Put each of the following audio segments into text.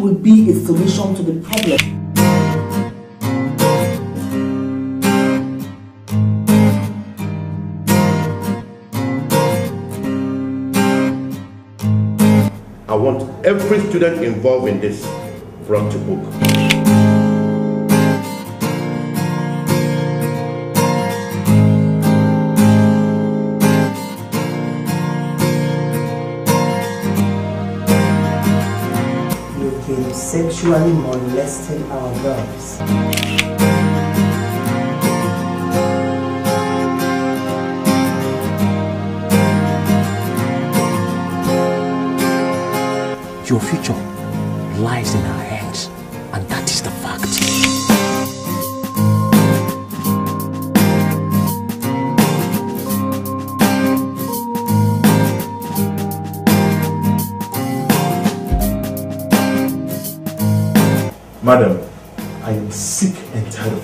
would be a solution to the problem. I want every student involved in this brought to book. sexually molesting our girls. Your future lies in our hands.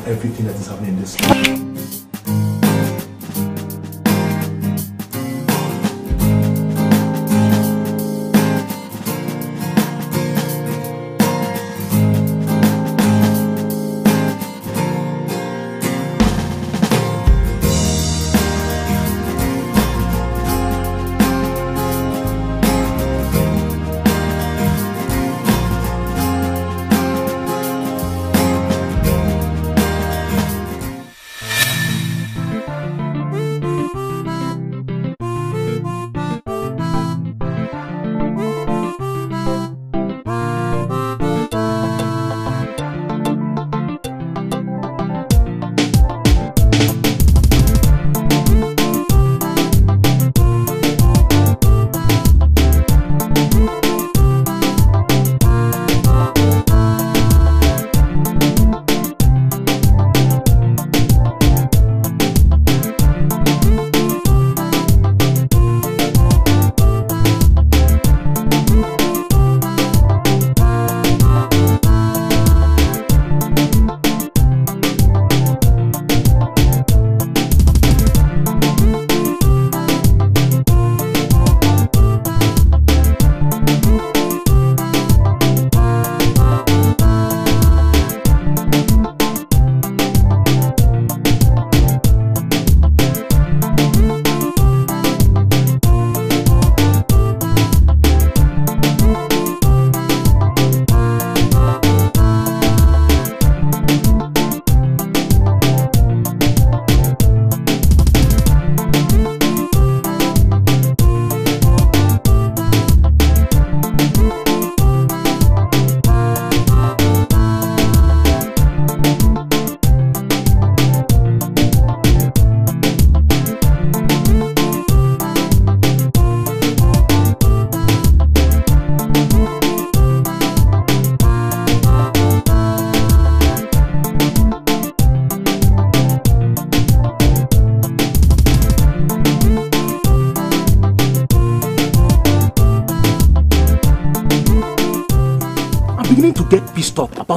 everything that is happening in this life.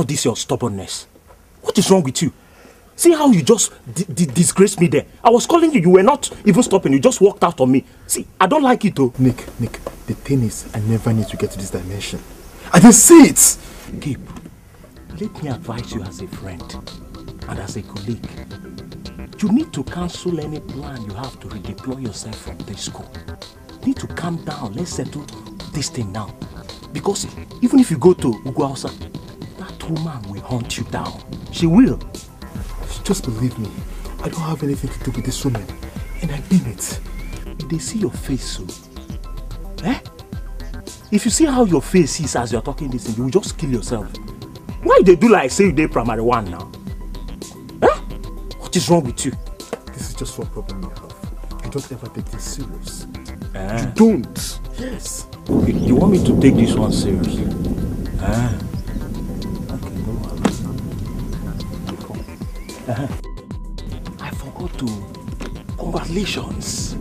this your stubbornness? What is wrong with you? See how you just disgraced me there. I was calling you, you were not even stopping, you just walked out on me. See, I don't like it though. Nick, Nick, the thing is, I never need to get to this dimension. I didn't see it! Gabe, let me advise you as a friend and as a colleague. You need to cancel any plan you have to redeploy yourself from this school. You need to calm down, let's settle this thing now. Because even if you go to Uguausa, woman will hunt you down. She will. Just believe me. I don't have anything to do with this woman. And I mean it. If they see your face so, oh. eh? If you see how your face is as you're talking this thing, you will just kill yourself. Why they do like say they primary one now? Eh? What is wrong with you? This is just one problem you have. You don't ever take this serious. Eh? You don't. Yes. You, you want me to take this one seriously? Eh? I forgot to. Congratulations.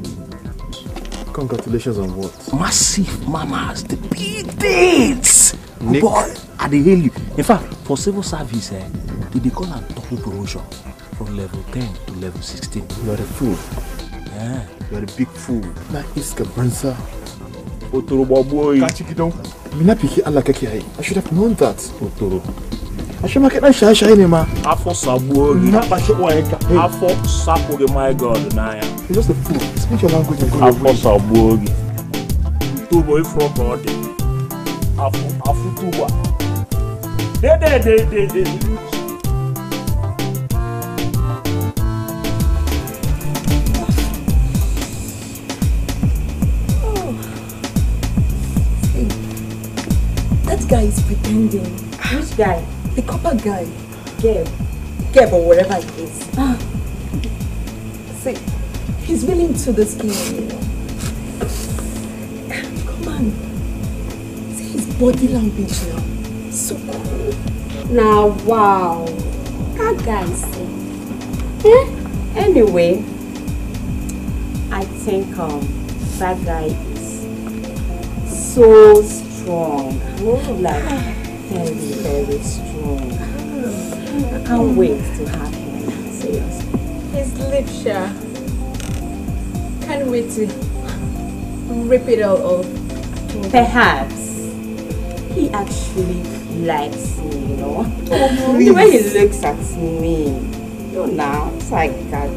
Congratulations on what? Massive mamas, the big dates. Nick. Boy, I dey you. In fact, for civil service, eh, they dey call am double promotion from level 10 to level 16. You are a fool. Yeah. You are a big fool. Na iska banza. Otoro boy. Kachi kidon. Mina piki Allah kake I should have known that. Otoro ashe maka dan shaye-shaye ne ma afọ sabuo na kpashe uwa ya ka afọ sapụghị my god na n'anya you just a fool speak your language and go afọ sabuo gị tubo ifro ka ọ dị afọ afọ tubo dede dede dede That guy is pretending. Which guy? The copper guy. Geb. Geb or whatever it is. is. See, he's willing to this game, Come on. See his body language now. So cool. Now, wow. That guy is Yeah. Anyway, I think um, that guy is so strong. Whoa. Like, very, very strong. I can't wait to have him. Seriously. His lips, yeah. Can't wait to rip it all off. Perhaps he actually likes me, you know? Oh, the way he looks at me. You know, it's like that.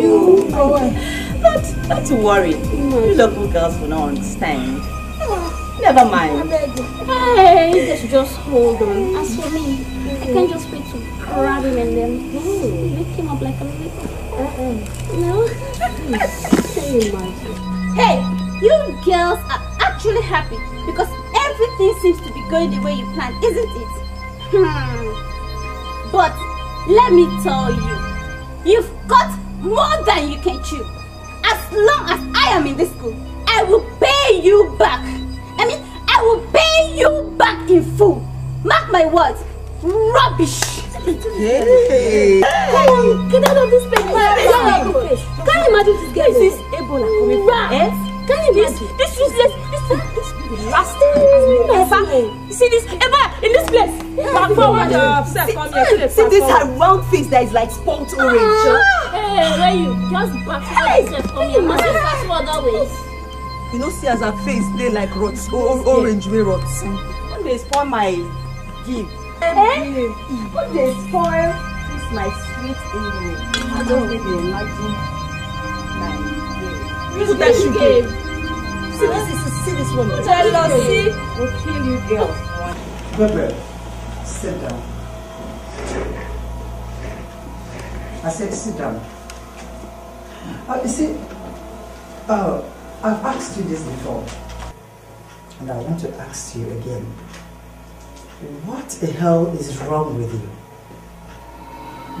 You know, ahead. Not, not to worry. You local girls will not understand. Oh. Never mind. Hey, just, just hold on. As for me, I can just wait to grab him and then mm. lift him up like a little. Uh-uh. No? hey, you girls are actually happy because everything seems to be going the way you planned, isn't it? Hmm. But let me tell you, you've got more than you can chew. As long as I am in this school, I will pay you back. I mean, I will pay you back in full. Mark my words. Rubbish. Hey. Hey. Come on, get out of this place. Hey. can you imagine this girl. This is Ebola coming from. Eh? Can you this, imagine? This useless, this, this, this mm. ever. Eva, see this, ever in this place. Back forward. Uh, see, come here. see this her round face that is like spot orange. Ah. Hey, where you? Just back forward. Hey. Come here. Must you fast forward always? you know see as her face they like rot orange wey rot one dey spoil my gift, eh one they spoil dis my sweet evening i not oh. even imagine my day who tell you gave see this is see this one who tell us see go kill you girl Bebe, sit down i said sit down uh, you see uh, I've asked you this before, and I want to ask you again. What the hell is wrong with you?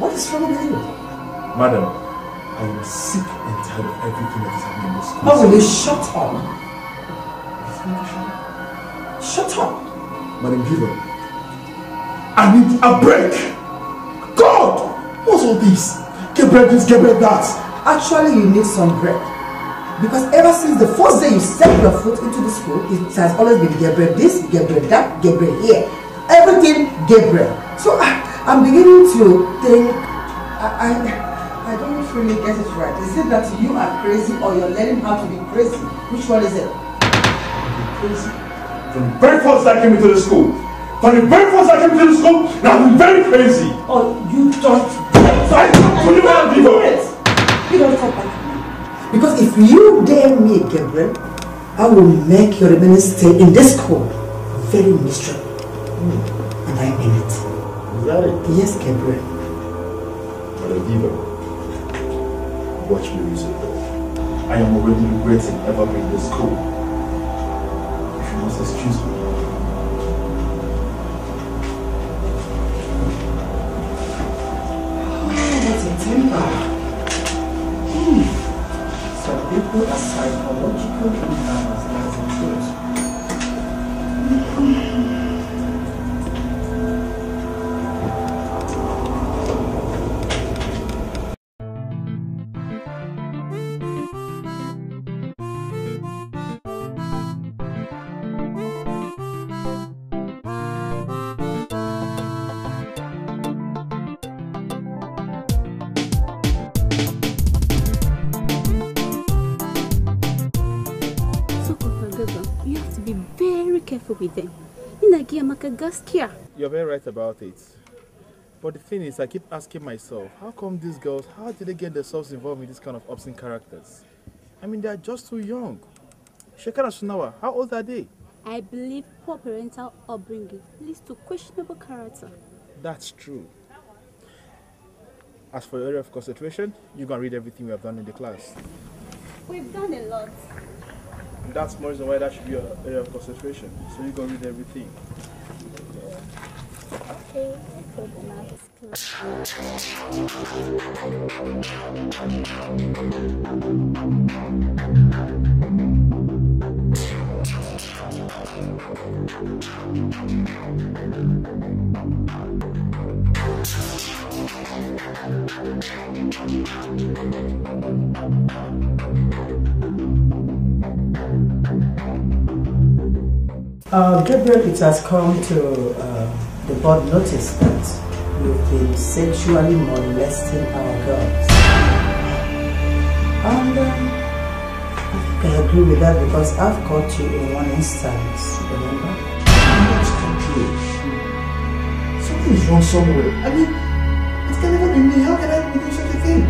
What is wrong with you? Madam, I am sick and tired of everything that is happening in this school. Oh, will you shut up? Shut up! Madam Giver, I need a break! God! What's all this? Get bread this, get bread that! Actually, you need some bread. Because ever since the first day you step your foot into the school, it has always been Gabriel this, Gabriel that, Gabriel here. Everything Gabriel. So ah, I, am beginning to think, I, I, I don't really get it right. Is it that you are crazy or you're learning how to be crazy? Which one is it? Crazy. From the very first I came into the school, from the very first I came into the school, I've been very crazy. Oh, you don't. So I don't believe I do it. You don't talk back. Because if you dare me, Gabriel, I will make your remaining stay in this court very miserable. Mm. And I mean it. Is that it? Yes, Gabriel. But Adiva, watch me use though. I am already regretting ever being this cool. If you must excuse me. Oh, that's a temper psychological here. You're very right about it. But the thing is, I keep asking myself, how come these girls, how did they get themselves involved in this kind of obscene characters? I mean, they are just too young. Shekara Sunawa, how old are they? I believe poor parental upbringing leads to questionable character. That's true. As for your area of concentration, you can read everything we have done in the class. We've done a lot. that's more reason why that should be your area of concentration, so you can read everything uh, Gabriel, it has come to uh, the board noticed that we've been sexually molesting our girls. And um, I think I agree with that because I've caught you in one instance, remember? I'm not confused. Something is wrong somewhere. I mean, it can never be me. How can I do such a thing?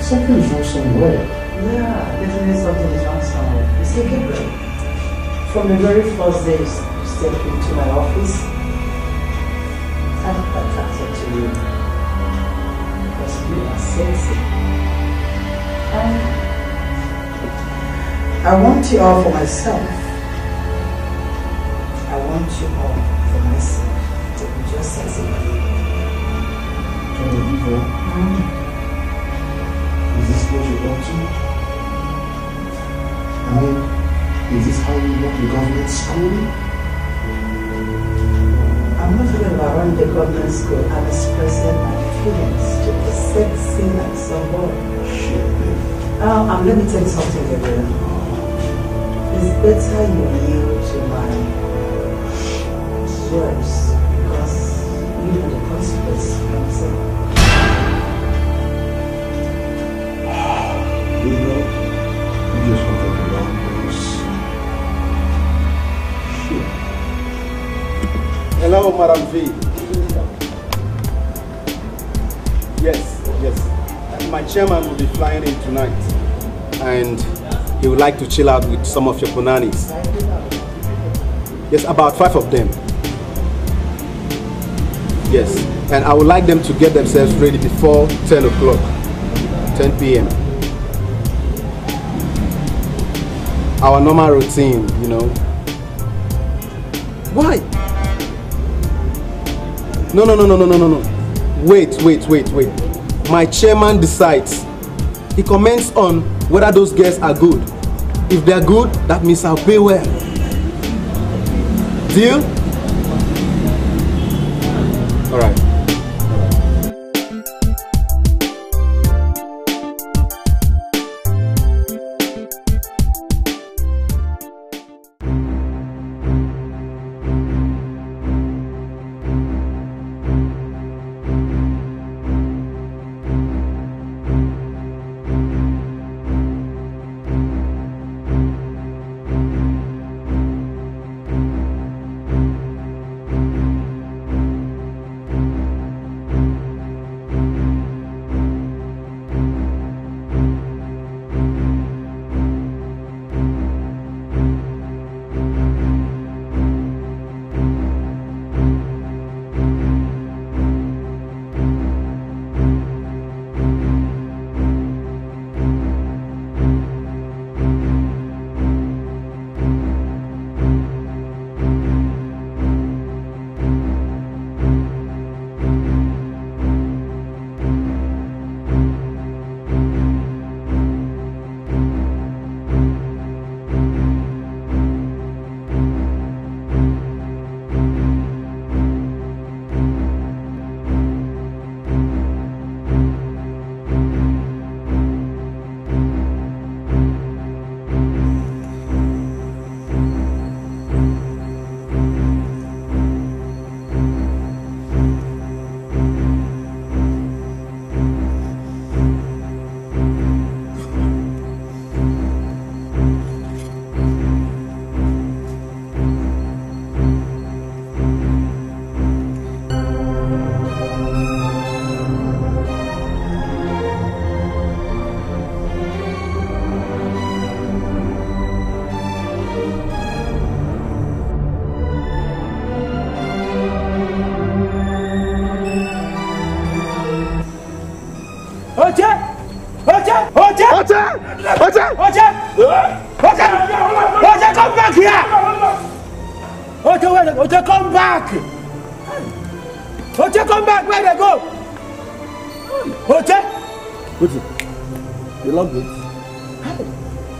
Something is wrong somewhere. Yeah, definitely something is wrong somewhere. It's take a break. From the very first day you stepped into my office, comfort unto you. Because you are sensitive. And I want you all for myself. I want you all for myself to be just sensitive Can the evil. Hmm? Is this what you want to? I hmm? mean, is this how you want the government schooling? I'm not talking about running the government school. I'm expressing my feelings to the sexy like someone. Um, oh, and let me tell you something, Gabriel. Oh. It's better you yield to my words because you know the consequences comes You know, Hello, Madam V. Yes, yes. My chairman will be flying in tonight. And he would like to chill out with some of your punanis. Yes, about five of them. Yes. And I would like them to get themselves ready before 10 o'clock, 10 p.m. Our normal routine, you know. Why? No, no, no, no, no, no, no, no. Wait, wait, wait, wait. My chairman decides. He comments on whether those girls are good. If they're good, that means I'll pay well. Deal?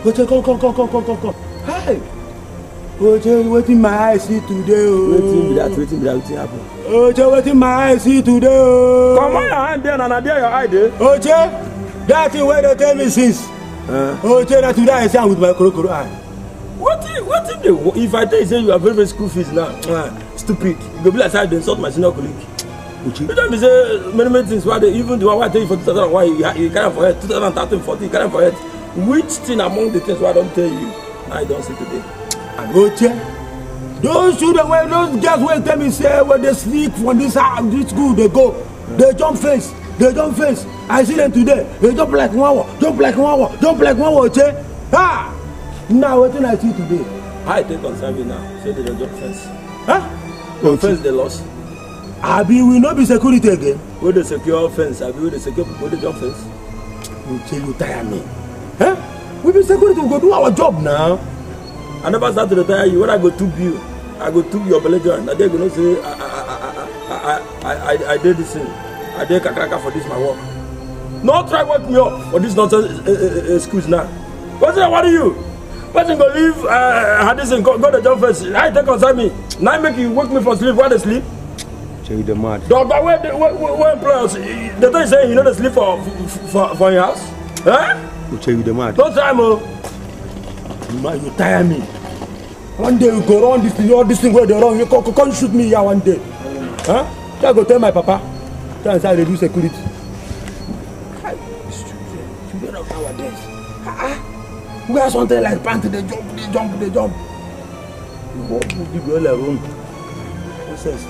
Oche, come, come, come, come, come, come, come. Hi. Oche, wetin my eye see today o. Oh. Wetin be that, wetin be that, wetin happen? Oche, wetin my eye see today o. Oh. Comot your hand there, na na there your eye dey. Oje, that thing wey dey tell me since. Uh. Oche, na today I see am with my korokoro eye. Wetin wetin dey if I tell you say you are very very school fees now, uh, stupid, you go be like say I dey insult my senior colleague. Oje. You don't be say many many things why they even the one why I tell you for two 2001 you, you carry for head 2013 14 you carry for head Which thing among the things I don't tell you, I don't see today. I go check. Those children, well, those girls will tell me, say, when they sneak from this house, ah, this school, they go, they jump face, they jump face. I see them today, they jump like one one, jump like one one, jump like one one. che. Ha! Ah! Now, what I see today? I take concern you now, say they don't jump face. Huh? Confess the loss. Abi will not be security again. With the secure fence, Abi will the secure, with the jump fence. You tell you tire me. Eh? We be security, we go do our job now. I never start to retire you. When I go to you, I go to your belly joint. Now they go say, I, I, I, I, I, I did this thing. I did kakraka for this my work. No try work me up for this nonsense eh, eh, eh, excuse now. What's that? What are you? Person go leave uh, Hadison, go, go the job first. I take concern me. Now I make you wake me for sleep. Why they sleep? Check the mad. Dog, but where, where, where, where employers? The thing is saying you know they sleep for, for, for your house? Huh? You say you the mad. No time, oh. Man, you tire me. One day you go run this thing, all this thing where they run, you come, come shoot me here one day. Huh? Try go tell my papa. Try and say I reduce security. These children, children of nowadays. Ah, we have something like pant, they jump, they jump, they jump. You walk with the girl alone. What sense?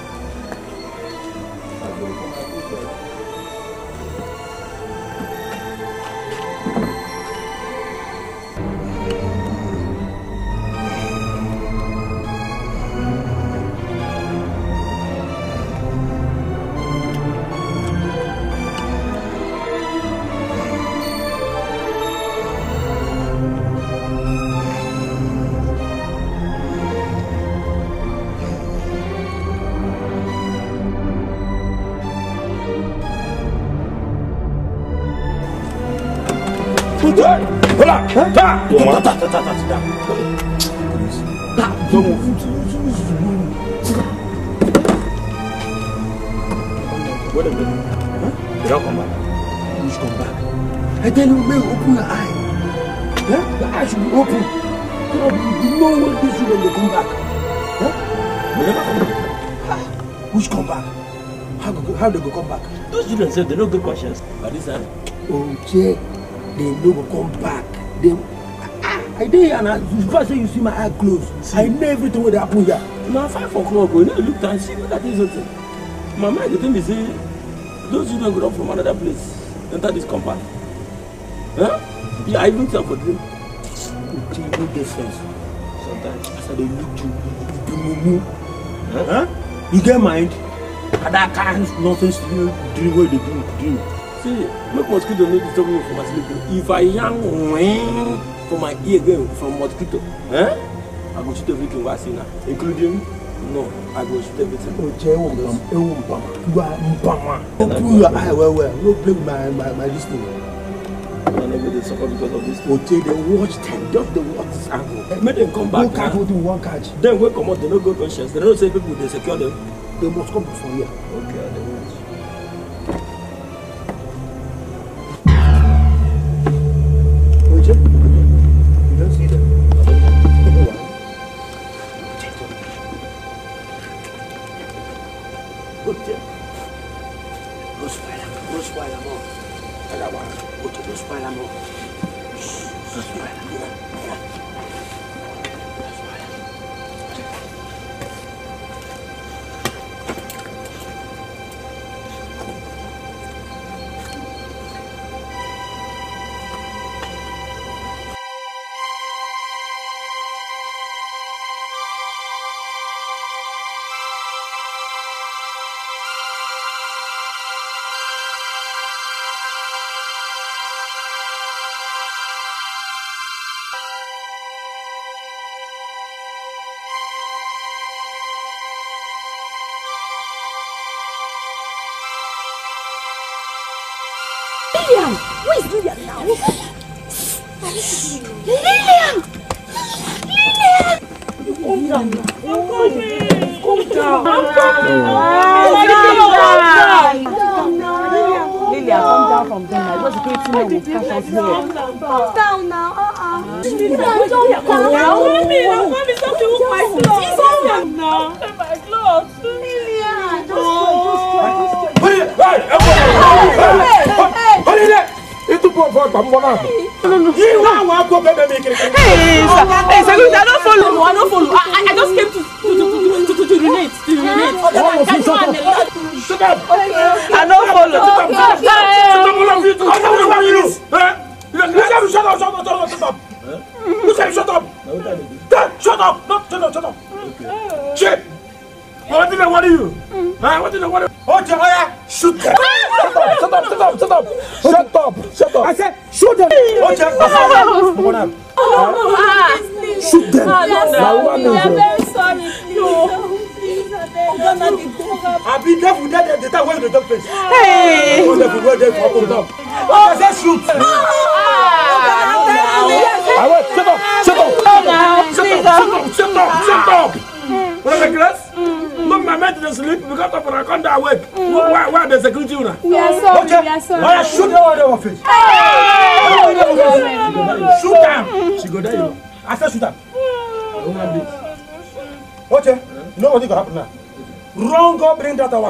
ta wọn ma ta ta ta ta ti da ta jọ̀wọ́. Wait a minute. Huh? They don't come back. Which come back? I tell you, man, open your eye. Huh? The eye should be open. So you know what they do when they come back. Huh? They never come back. Ah, which come back? How, go, how they go come back? Those children said they don't get questions. But this time. Okay, they no go come back dem i did here na you first say you see my eye closed, see. i know everything wey dey happen here. Now five o'clock o oh, you no look and see that thing something my mind the thing is, say those children grow up from another place enter this compound huh? yeah, i even see for them. you dey no get sometimes as i dey look you you be mumu huh? you get mind na that kind nonsense dream wey you dey do dream. See, make mosquito no disturb me for my sleep. If I yam whing for my ear going from mosquito, eh? I go shoot everything what I see now, including no, I go shoot everything. Oh, Jay, ewu oh, mpama, eh, oh, you are mpama. Open your eye well, well. No blame my my my listening. They suffer because of this. Okay, oh, they watch them, just the watch angle. Make them come back. no, catch, only one catch. Then we come out, they no go conscious. They no, say people they secure them. They must come before here. Okay.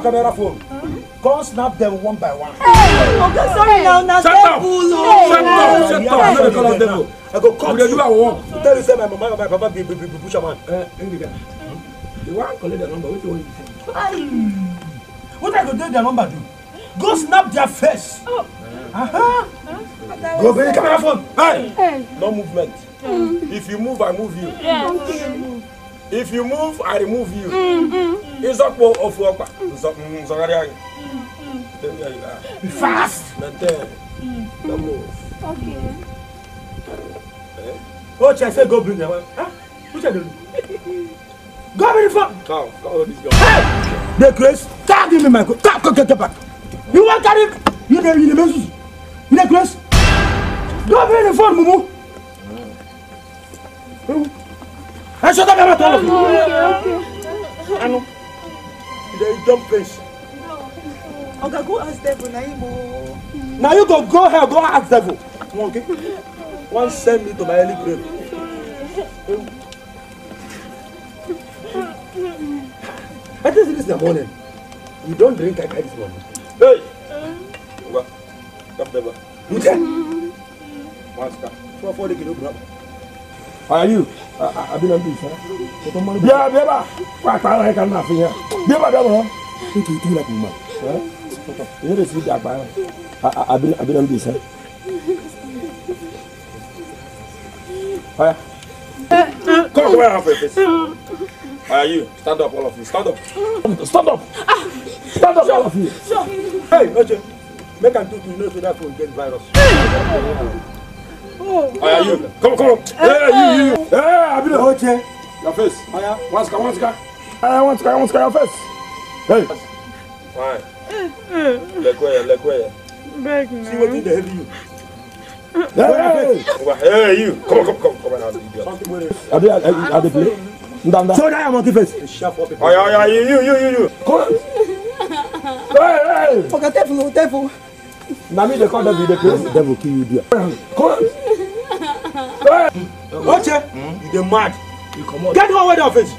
our camera phone. Come snap them one by one. Hey, okay, sorry now, now Shut up! Shut up! Shut up! I'm not call out devil. I go come to you. Tell you say my mama and my papa be be be push man. Eh, eh the one collect the number. Which one you send? What I go do their number do? Go snap their face. Oh. Uh-huh. Huh? Go bring camera phone. Hey. hey. No movement. Mm. If you move, I move you. Yeah. Okay. If you move, I remove you. Mm -hmm ịzọkpụ ofu ọkpa nzọgharịa gị fast o eh? chese go bring them which one go bring for cow cow this girl hey the grace cow give me my cow cow cow back you wan carry you dey you dey me susu you dey grace go bring the phone mumu ẹ ṣọta bẹẹ bẹ tọ dey jump fence. oga go ask devil na him oh. you go go here, go ask devil. Okay. One send me to my early grave. i just you this the morning you don't drink like this morning. hey oga stop devil. Who's that? one star. four four dey kilo grab ayi a bɛ na n bi sa bia biaba ko a taara yɛ ka na fi yan biaba bɛ kɔnɔ e t'o tigi la k'u ma ne de sigi jagba yan a bɛ na n bi sa. Aya. Come where halfway face. Aya stand up all of you stand up. Stand up. Stand up all of you. Hey Meche make I do to you no so that phone get virus. Oya oh, you, come come. Hey you you Hey I be the whole chair. Your face. Oya, oh, one sika one sika. Oya one sika one sika your face. Hey. Fine. Lekweye lekweye. Beg now. See what wetin the hell you. Hey. Hey you, come come come come now. Abi I dey play. Ndanda. So that monkey face. Oya oya you you you you you. Come. Hey hey. a tefu devil na me call devil dey play. devil kill you there. oche hmm? you dey mad get one way down face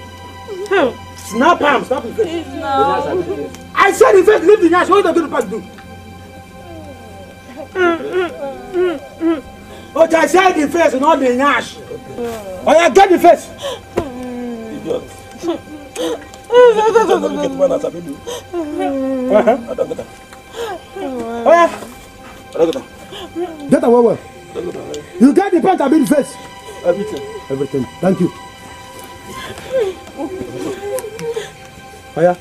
snap am snap him face. i said the face leave the nyash wey dey do the pass do. Oh, i said the face not the nash. Oh, yeah, get the face. idiot. Uh-huh. I don't get one as I do. Uh-huh. I don't get that. Oya. Get away well. You get the pant I mean face. Everything. Everything. Thank you. Oya.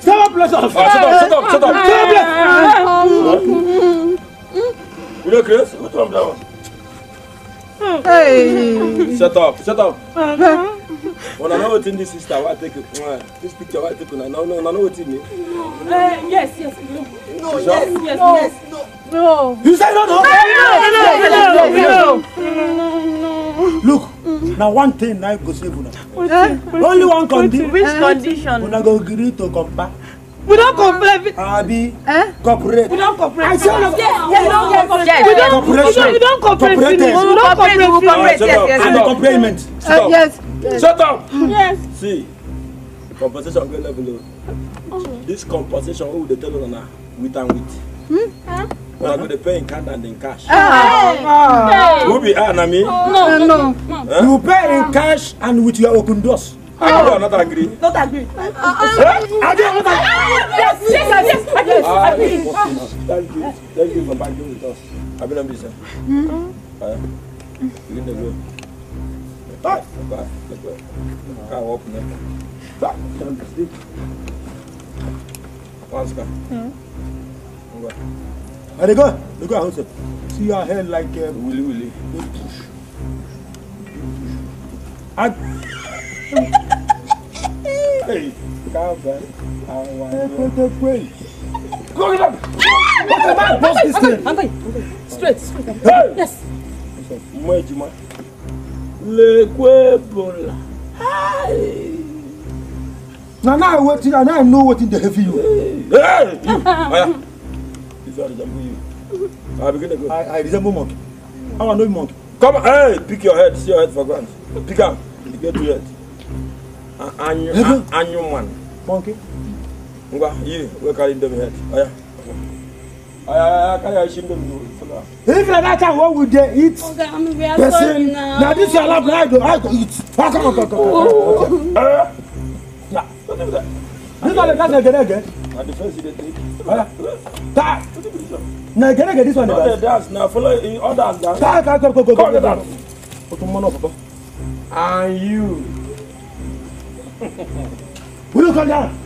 Stop up, let's off. Shut up, shut up, shut up. Stop up. You know, Chris, what's wrong with that one? Hey. Shut up, shut up. Uh-huh. Well, I know what in this sister, I take it. Uh, this picture, uh, I take it. No, no, no, no, what in it. Uh, yes, yes, no. No, yes, yes, yes, no. No. You say no, no? No, no, no, no, no. no, no, no. Look, now one thing I go save you. Only one condition. Which condition? Una go agree to come back. We don't complain. Abi. Eh? Corporate. We don't complain. I say no. Yes, yes, yes, yes. We don't. We don't So we don't complain. Eh? We don't complain. We don't complain. Yes, yes. And the complainment. Eh, yes. Shut up. Yes. See, compensation get level. Oh. This compensation wey we dey tell now? with and with. Hmm? Huh? Una go dey pay in card and in cash. Ah. Who be ah na me? No no. Eh? You pay in ah. cash and with your open doors. Oh, not agree. Not agree. Uh, uh, agree. Not agree. Yes, yes, yes, yes. Agree. Ah, agree. Thank you. Thank you for banking with us. Have hmm? eh? you sir? Mm-hmm. Uh, you can hmm? go. Bye. Bye. Bye. Can't walk now. Bye. Can't sleep. Once go. Hmm. Go. There you go. Look at how See your head like a um, uh, willy willy. Don't push. I. Straight, straight. Hey. Yes. Mwejima. Lekwebola. Hey. Now, now, what, now I know what in the heavy you. Hey, you. Oya. If I resemble you, I begin to go. I, I resemble monkey. I want no monkey. Come, hey, pick your head. See your head for granted. Pick up. You get to your head anyu man monkey ngwa yiri we carry them head aya aya carry our shindom do if na what we dey eat person na this your lab i go i go eat oh, come come come come oh. eh na that you got the gas again again na the first dey take aya ta na again again this one dey dance na follow others dance ta ta go go go go go go go go go go go go go go Will you come down?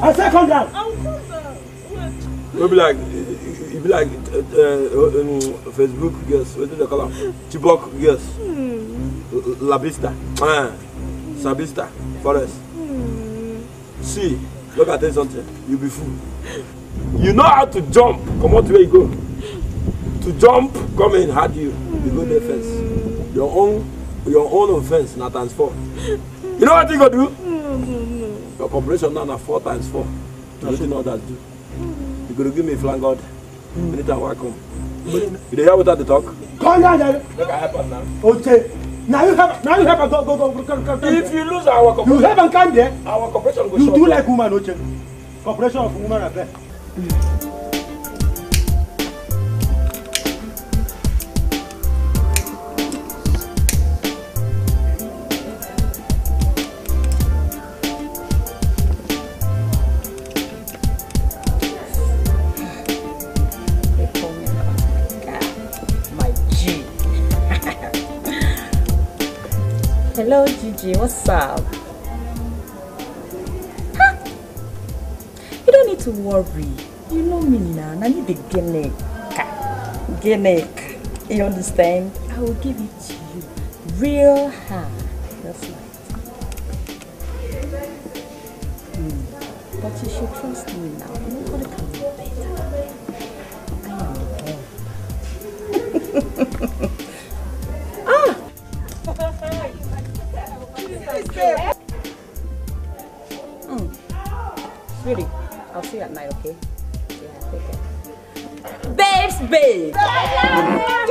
I said come down. I be like, you be like uh, uh, um, Facebook girls. What do they call them? Chibok girls. Mm. La Vista. Uh, ah, Sabista. Forest. Mm. See, look at this something. You be fool. You know how to jump. Come out where you go. To jump, come in, hard you. You go there Your own, your own offense, not transform. You know what you go do? No, no, no. Your compression now na four times four. You don't know that do. You go give me flank out. Mm. Anytime I come. You dey hear without the talk? Come down there. Make I help now. Okay. Now you have, now you have a go, go, go, go, go, go. If you lose our cooperation, you have and come there. Our will go. You do like woman, Oche. Cooperation of woman, I there. Mm. Hello, Gigi. What's up? You don't need to worry. You know me now. I need the gimmick. Gimmick. You understand? I will give it to you. Real hard. That's right. Hmm. But you should trust me now. Nobody can do better. I am the side, okay? Yeah, take Babes, babe!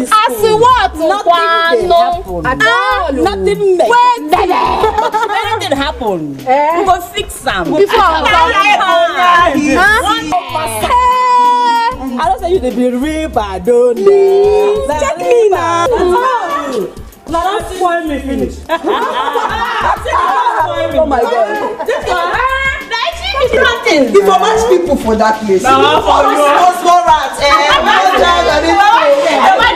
in school. As what? Ah, nothing no. At all. Nothing make. Wait. Anything happen. Eh? We go fix them. Before I go. One I don't say you dey be real bad, don't you? Check me now. Now don't Why me finish. Oh my God. This one. Ah, nothing. If I match people for that place, no, for small small rats, eh, no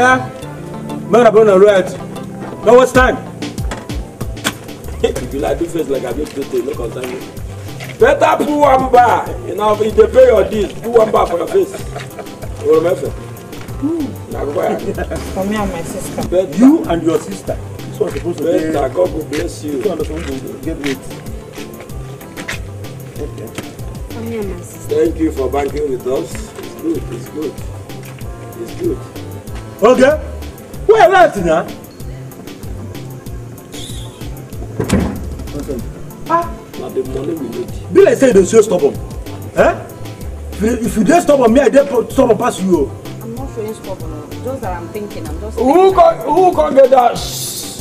Aya, man upon a riot. Now what's time? if you like do face like I do today, no concern you. Better put one bar. You know, if they pay your deals, put one bar for your face. You remember? Mm. for me and my sister. Better. You and your sister. This one's supposed to Better. be. Better, God will bless you. This one's supposed to get rich. Okay. For me and my sister. Thank you for banking with us. It's good, it's good. It's good. Okay? Where are you now? Ah. Now the money we need. Be like say they so stubborn. Eh? If you, don't stop dey me I don't stop him pass you. I'm not feeling stubborn. Just that I'm thinking. I'm just. Thinking. Who can who can get that?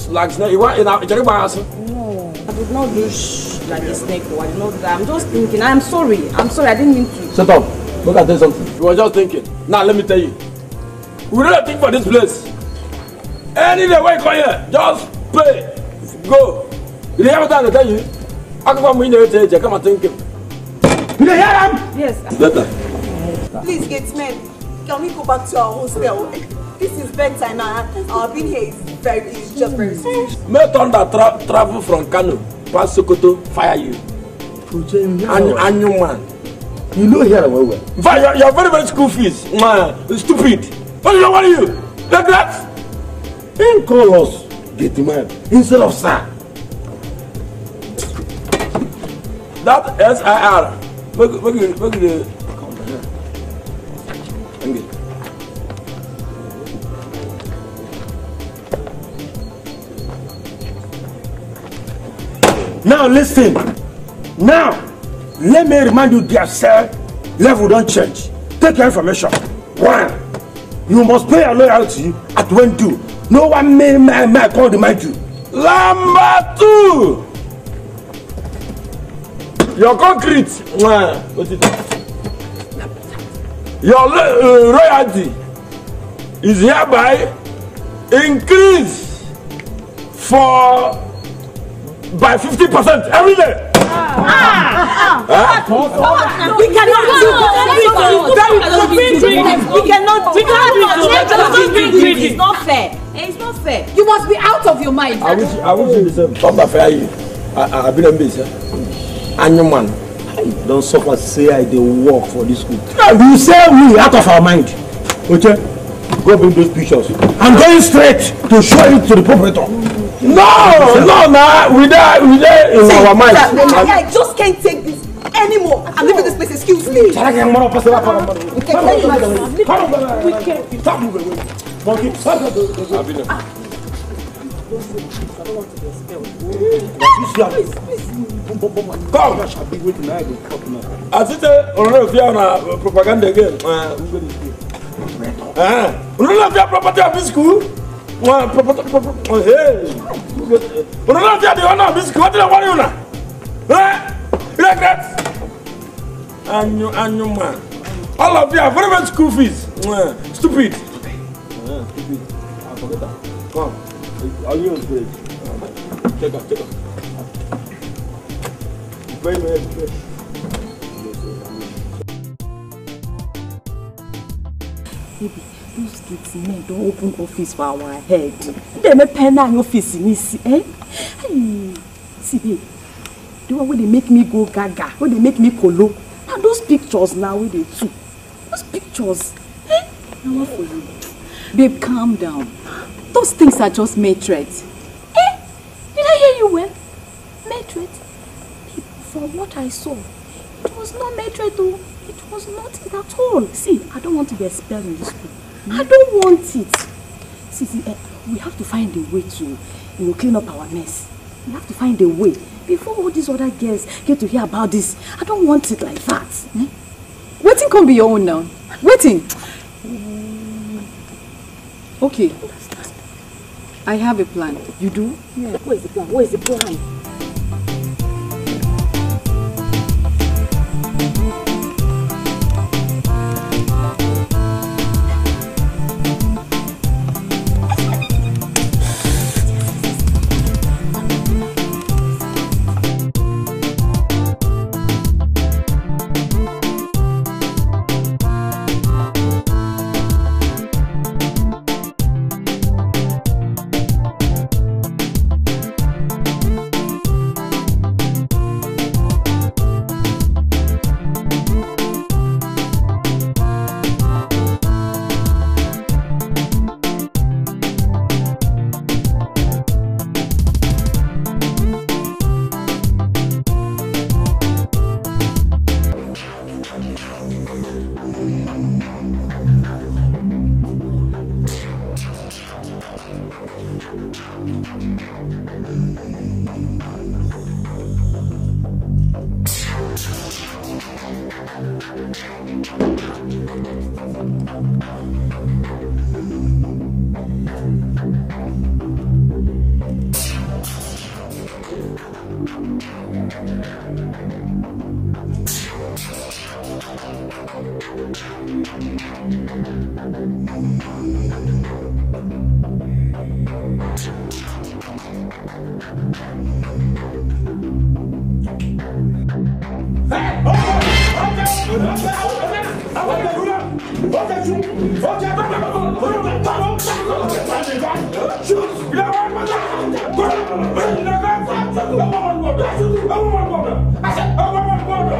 like snake. You want in a jerry by answer? No, I did not do like yeah. a snake. I did not. I'm just thinking. I'm sorry. I'm sorry. I didn't mean to. Shut up. Look at this something. You were just thinking. Now let me tell you we don't dey think for this place any day wey you come here just pay go you dey hear wetin i dey tell you akụkọ m ị na-eche eche kama thinking you hear am yes later please get men can we go back to our hostel this is bedtime now our being here is very just very serious may thunder tra travel from kano pass sokoto fire you Any, anyuman you no hear am well well in you're very very school fees man. stupid What do you want you? Like that? Then call us get man instead of sir. That S-I-R. Make, make, make, make the... it. Uh, Now listen. Now, let me remind you, dear sir, level don't change. Take your information. One. You must pay your loyalty at when due. No one may may may call demand you. Number two! Your concrete! Your uh, royalty is hereby increased for by 50% every day! Ah! Ah! Ah! We cannot do it. We cannot do it. We cannot do it. It's not fair. It's not fair. You must be out of your mind. I wish I wish you the same. Papa fair you. I I be them busy. Anyo man. I don suffer say I did work for this school. You say we out of our mind. Okay? Go bring those pictures. I'm going straight to show it to the proprietor. No, no, nah, we there, we there in See, our mind. I, I just can't take this anymore. I'm leaving this place, excuse me. We can't We can't. Stop moving away. Monkey, stop moving away. Ah. Come! I shall be waiting now. I sit there, Honorable propaganda again. Come. Come. Ah. property of the school wọn pọpọtọ pọpọtọ ee ọdún náà ti àdé wọn náà bisiki wọn ti náà wọn yóò nà ẹ regret all of you are very much fees stupid. stupid it's me don open office for our head They make pen na office in this, eh see the one wey make me go gaga wey they make me colo. na those pictures now where they took those pictures eh I want for you babe calm down those things are just made eh did i hear you well made from what i saw it was not made though. it was not it at all see i don't want to be expelled in this school I don't want it. See, see, eh, we have to find a way to, you know, clean up our mess. We have to find a way before all these other girls get to hear about this. I don't want it like that. Hmm? Waiting can be your own now. Waiting. Okay. I have a plan. You do? Yeah. What is the plan? What is the plan?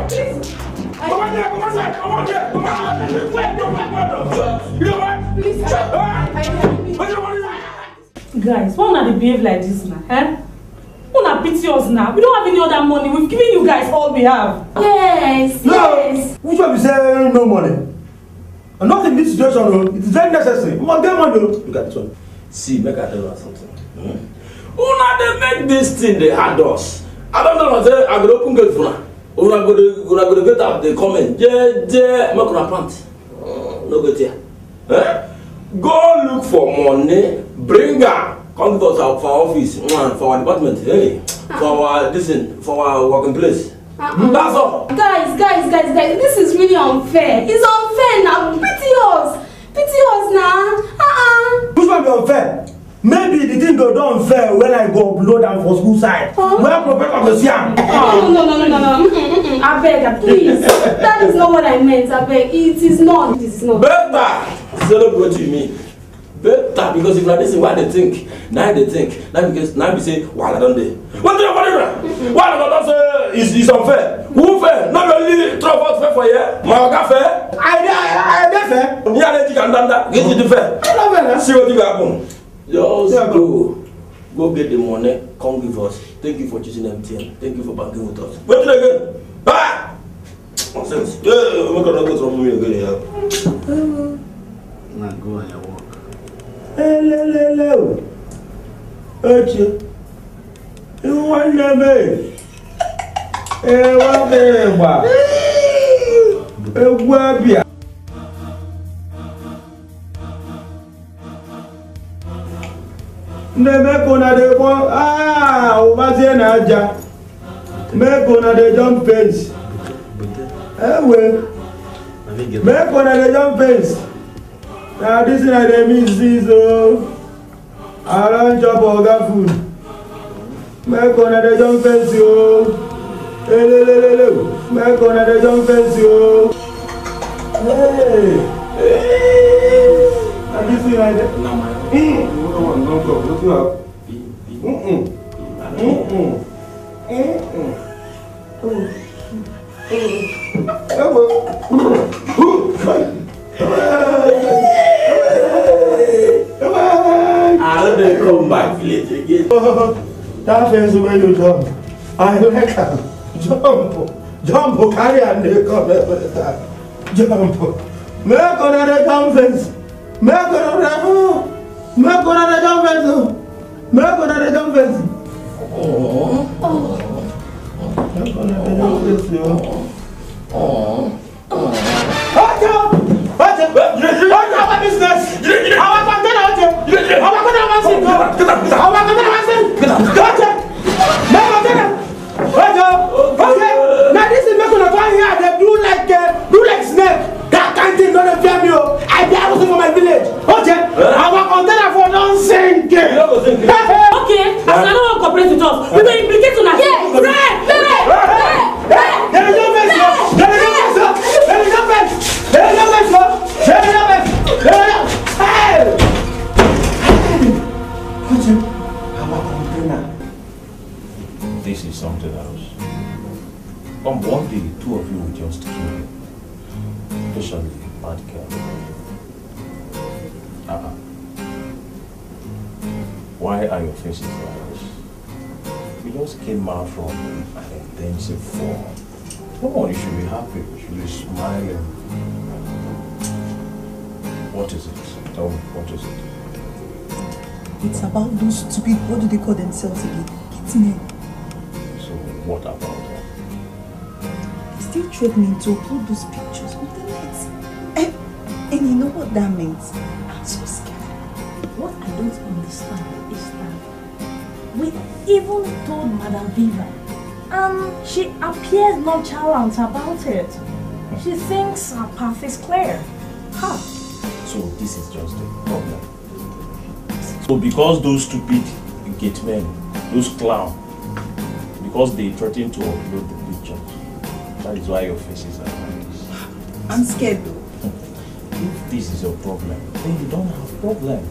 Jesus! Guys, why una they behave like this now? Eh? Una pity us now. We don't have any other money. We've given you guys all we have. Yes, no. yes. Which one be say no money? And not in this situation, no. Oh. It is very necessary. We must get money. Look oh. at this one. See, make a tell you something. Hmm? Una they make this thing They had us. I don't know what they are going to open gate for una una go dey una get up. dey come in yeah. make una plant no go tear eh go look for money bring am come to us for our office for our department hey for ah. our this thing for our working place. Uh -uh. That's all. Guys, guys, guys, guys, this is really unfair. It's unfair now. Pity us. Pity us now. Uh-uh. Which might be unfair? maybe the thing go don fail when i go upload am for school side oh. where professor go see am. no no no no no abeg please that is not what i meant abeg it is not it is not. better zero go to me better because if na this thing wey i dey think na i dey think na because na be say wahala don dey wetin your body na wahala don don say is is unfair who fair no be only trump out fair for here my oga fair. i dey i dey fair. me i dey jika ndanda get you di fair. i no fair na. see wetin go happen. Just yeah, go. Go get the money. Come with us. Thank you for choosing MTN. Thank you for banking with us. Wait till again. Ah! Nonsense. Yeah, I'm gonna go to me again. Yeah. Now go on your work. Hello, hello. Ochi. You want the babe? Eh, what the babe? Eh, what the ndị meko na dey kpọ aa ah, ụbazie na aja meko na dey jump fence ewe meko na dey jump fence na ah, dis na dey miss this o i don chop oga food meko na dey jump fence o elelelele meko na dey jump fence o. Hey. Hey. Have you na my I don't come back village again. that fence where you jump, I like am. Jump, jump, carry am dey come every time. Jump, make another come fence, make another mẹ́kọ̀ọ́ dáadáa jọ́ fẹ́sì o mẹ́kọ̀ọ́ dáadáa jọ́ fẹ́sì. mẹ́kọ̀ọ́ dáadáa jọ́ fẹ́sì o. ọjọ́ ọjọ́ ọjọ́ ọba business àwọn kan tẹ́lẹ̀ ọjọ́ àwọn kan tẹ́lẹ̀ wọ́n sì kọ́ àwọn kan tẹ́lẹ̀ wọ́n sì ọjọ́ mẹ́kọ̀ọ́ tẹ́lẹ̀ ọjọ́ na this is mẹ́kọ̀ọ́ na why here do like do like snake that kind thing no dey fear me oh like the house for my village. Okay. Our container for don sink. Okay. As I don't want to cooperate with us, we go implicate una. Yes. Right. There is no mess. There is no mess. There is no mess. There is no mess. There is no mess. There is no mess. Hey. Okay. Our This is something else. On one day, two of you will just kill me. Especially bad girl. Why are your faces like this? We just came out from an intensive form. Come on, you should be happy. You should be smiling. What is it? Tell me, what is it? It's about those stupid, what do they call themselves again? So what about them? They still threatening to upload those pictures with the net. And, eh, and you know what that means? I'm so scared. What I don't understand we even told Madame Viva, and she appears nonchalant about it. She thinks her path is clear. Huh. So this is just a problem. So because those stupid gate men, those clowns, because they threatened to upload the pictures, that is why your faces are like I'm scared though. If this is your problem, then you don't have problem.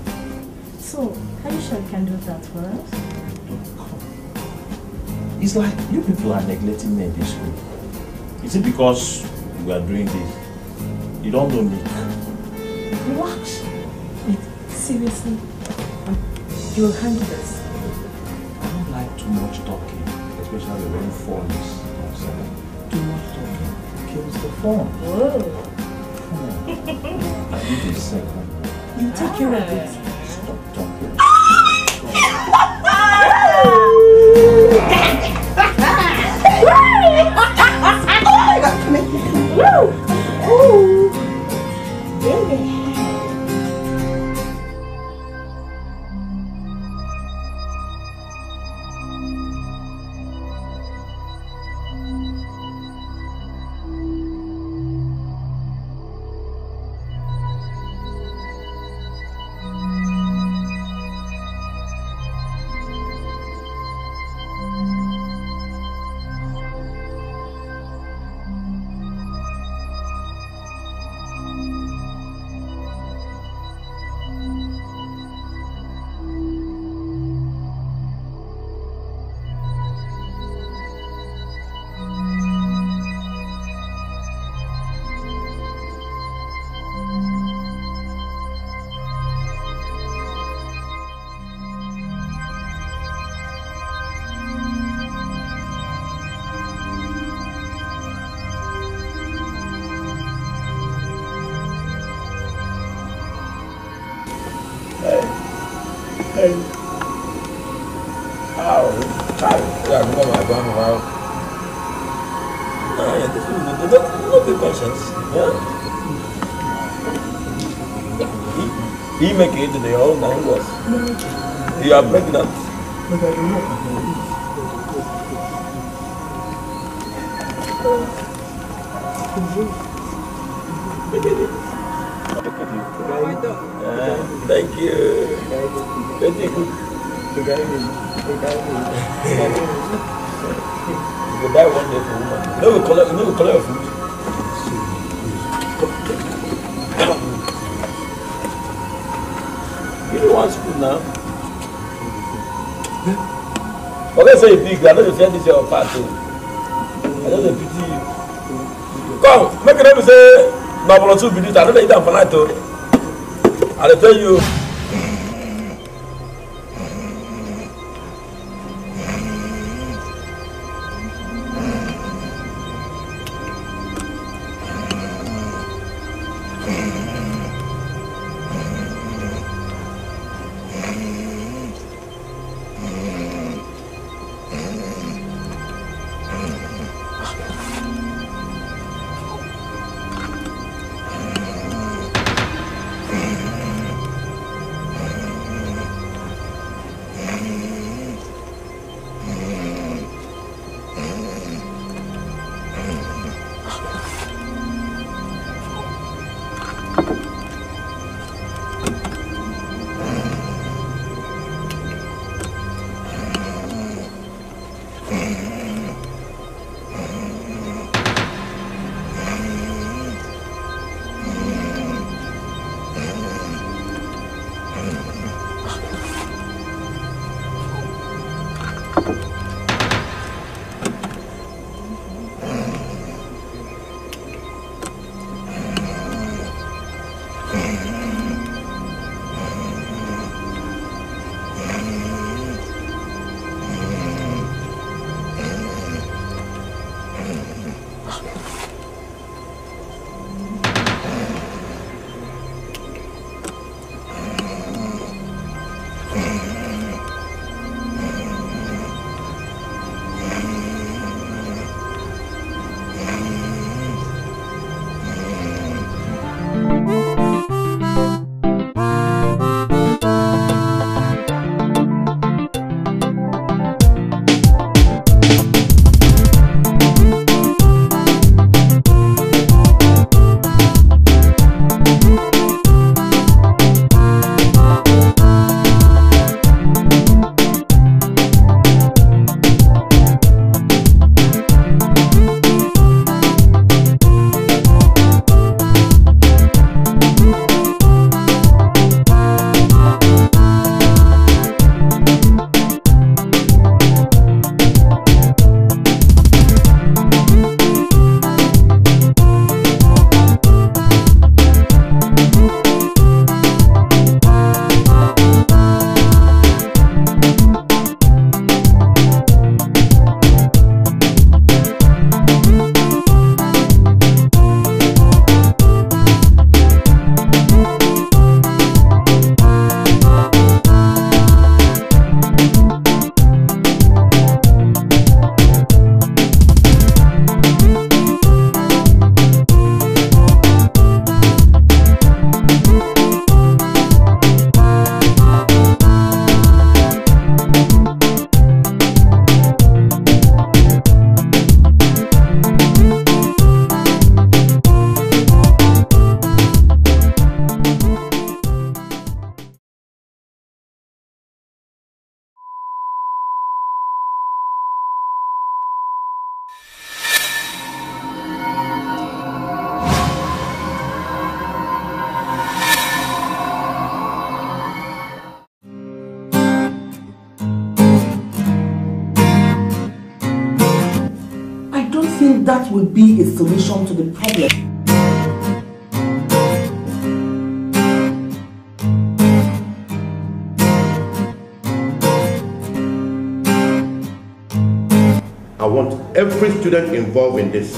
So, Kaisha can do that for us? It's like you people are neglecting me this way. Is it because we are doing this? You don't know me. Relax. seriously. You will handle this. I don't like too much talking, especially when phone is concerned. Too much talking kills the phone. Whoa. Come on. I need a second. You take care of it. Ah. oh Yeah. regular this your part o i don dey pity you come make you no be say na volunteer be this i no dey eat am for night o oh. i dey tell you. involved in this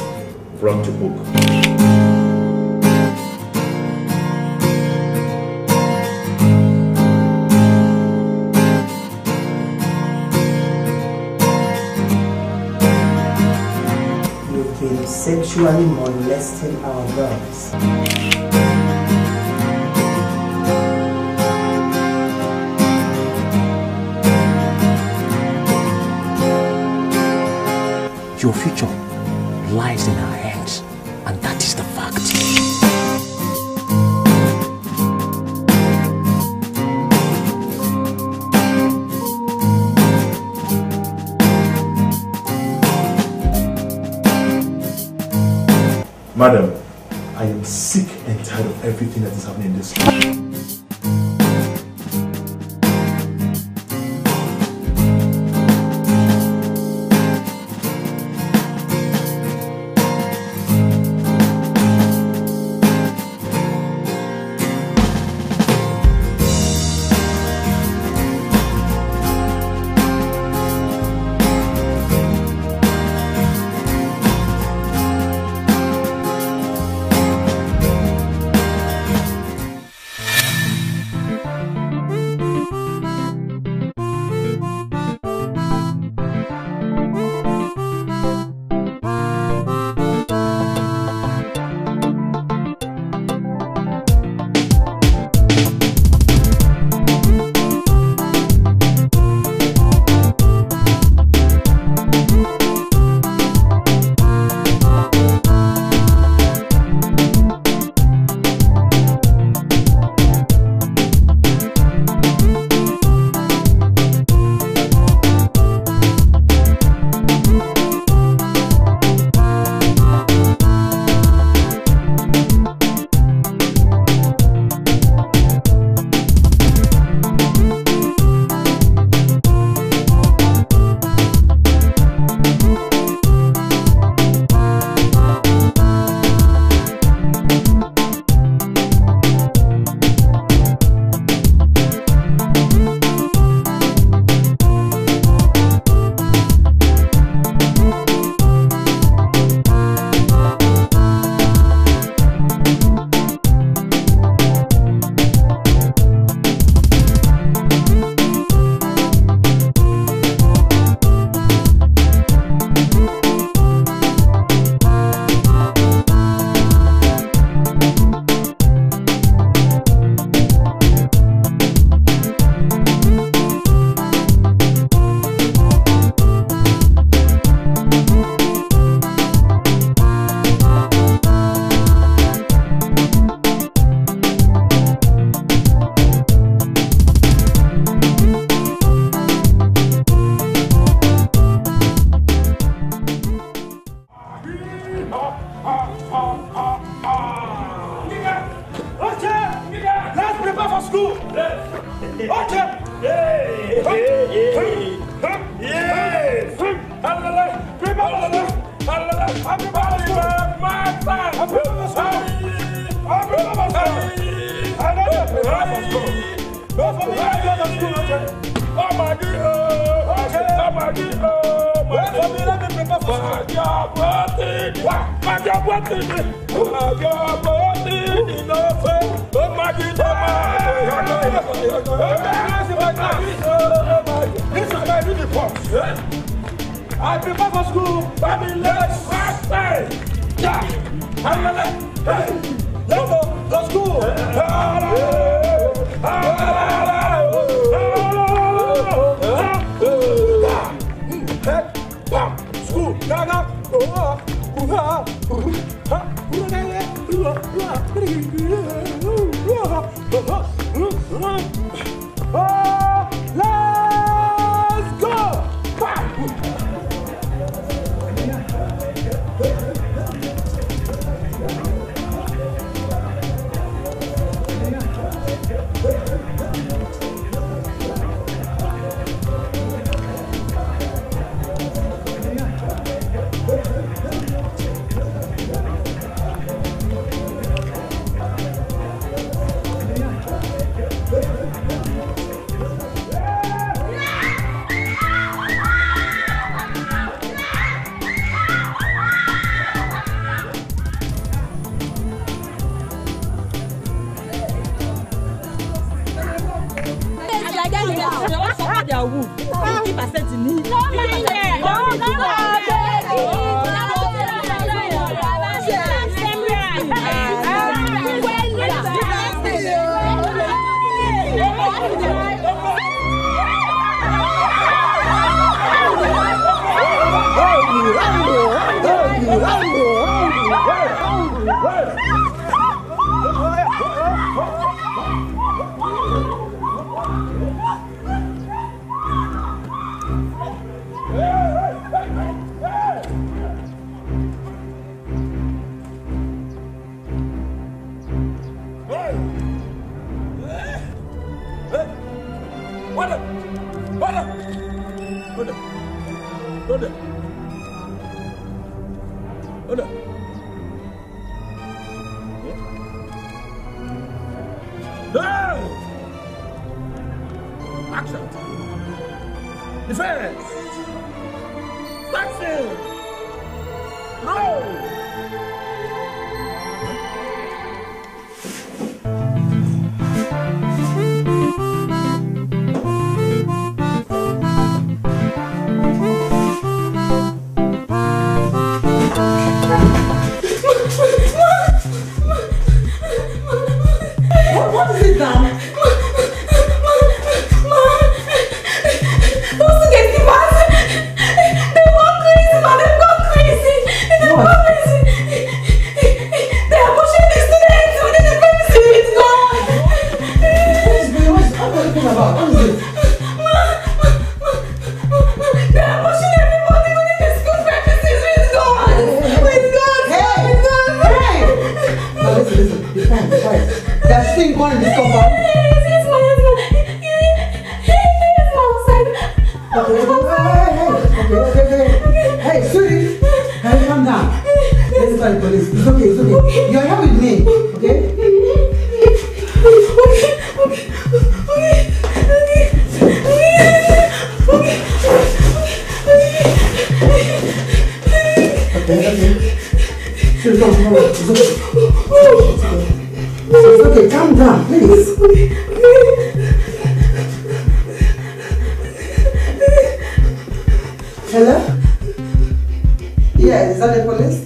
Yeah, is that the police?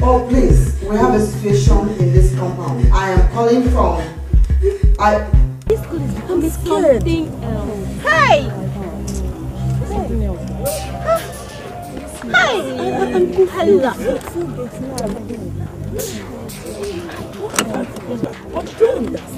Oh, please, we have a situation in this compound. I am calling from. I. This school is becoming scared. Hey! Hey. Hello. What are you doing?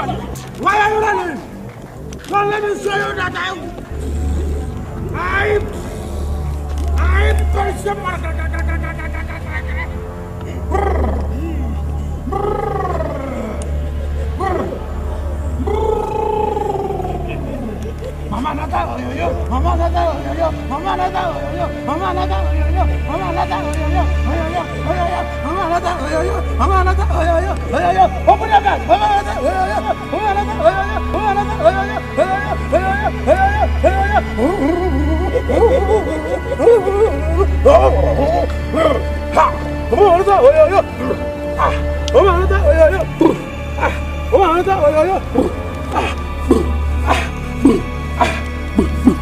running? Why are you running? do let me show you that I... I... I... I Mamá no te odio yo, mamá no te odio yo, mamá no te odio yo, mamá no te odio yo, mamá no te odio yo, oyo yo, oyo yo, mamá no te odio yo, mamá no te odio yo, oyo yo, open up, mamá no te odio yo, mamá no te odio yo, mamá no te odio yo, oyo yo, oyo yo, oyo yo, oyo yo, mamá no te odio yo, mamá no te odio yo, mamá no te odio yo, ah, mamá no te odio yo, ah,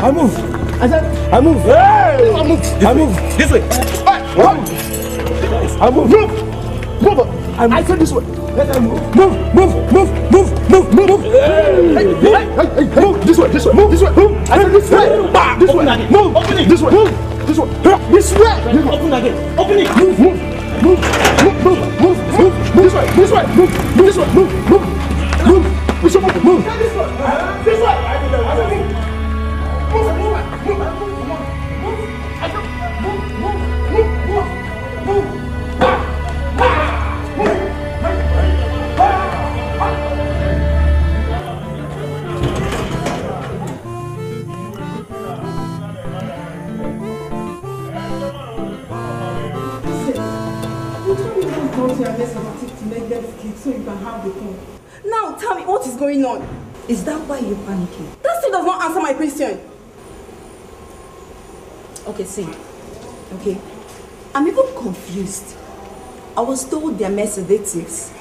I move. I said, I move. Hey! I move. This I move. Way. This way. Hey, what? I move. Move. Move. I, move. I said this way. Let move. Move. Move. Move. Move. Move. Move. Hey. Hey. Hey. Hey. Hey. Move. This way. This way. Move. This way. Move. I said this way. Bah. This way. Move. Open it. This way. Move. This way. This way. Open again. Open it. Move. Move. Move. Move. Move. Move. Move. Move. This way. This way. Move. Move. This way. Move. Move. Move. Move. Move. This way. This way. skin so you can have the Now tell me what is going on. Is that why you're panicking? That still does not answer my question. Okay, see. Okay. I'm even confused. I was told they're Mercedes,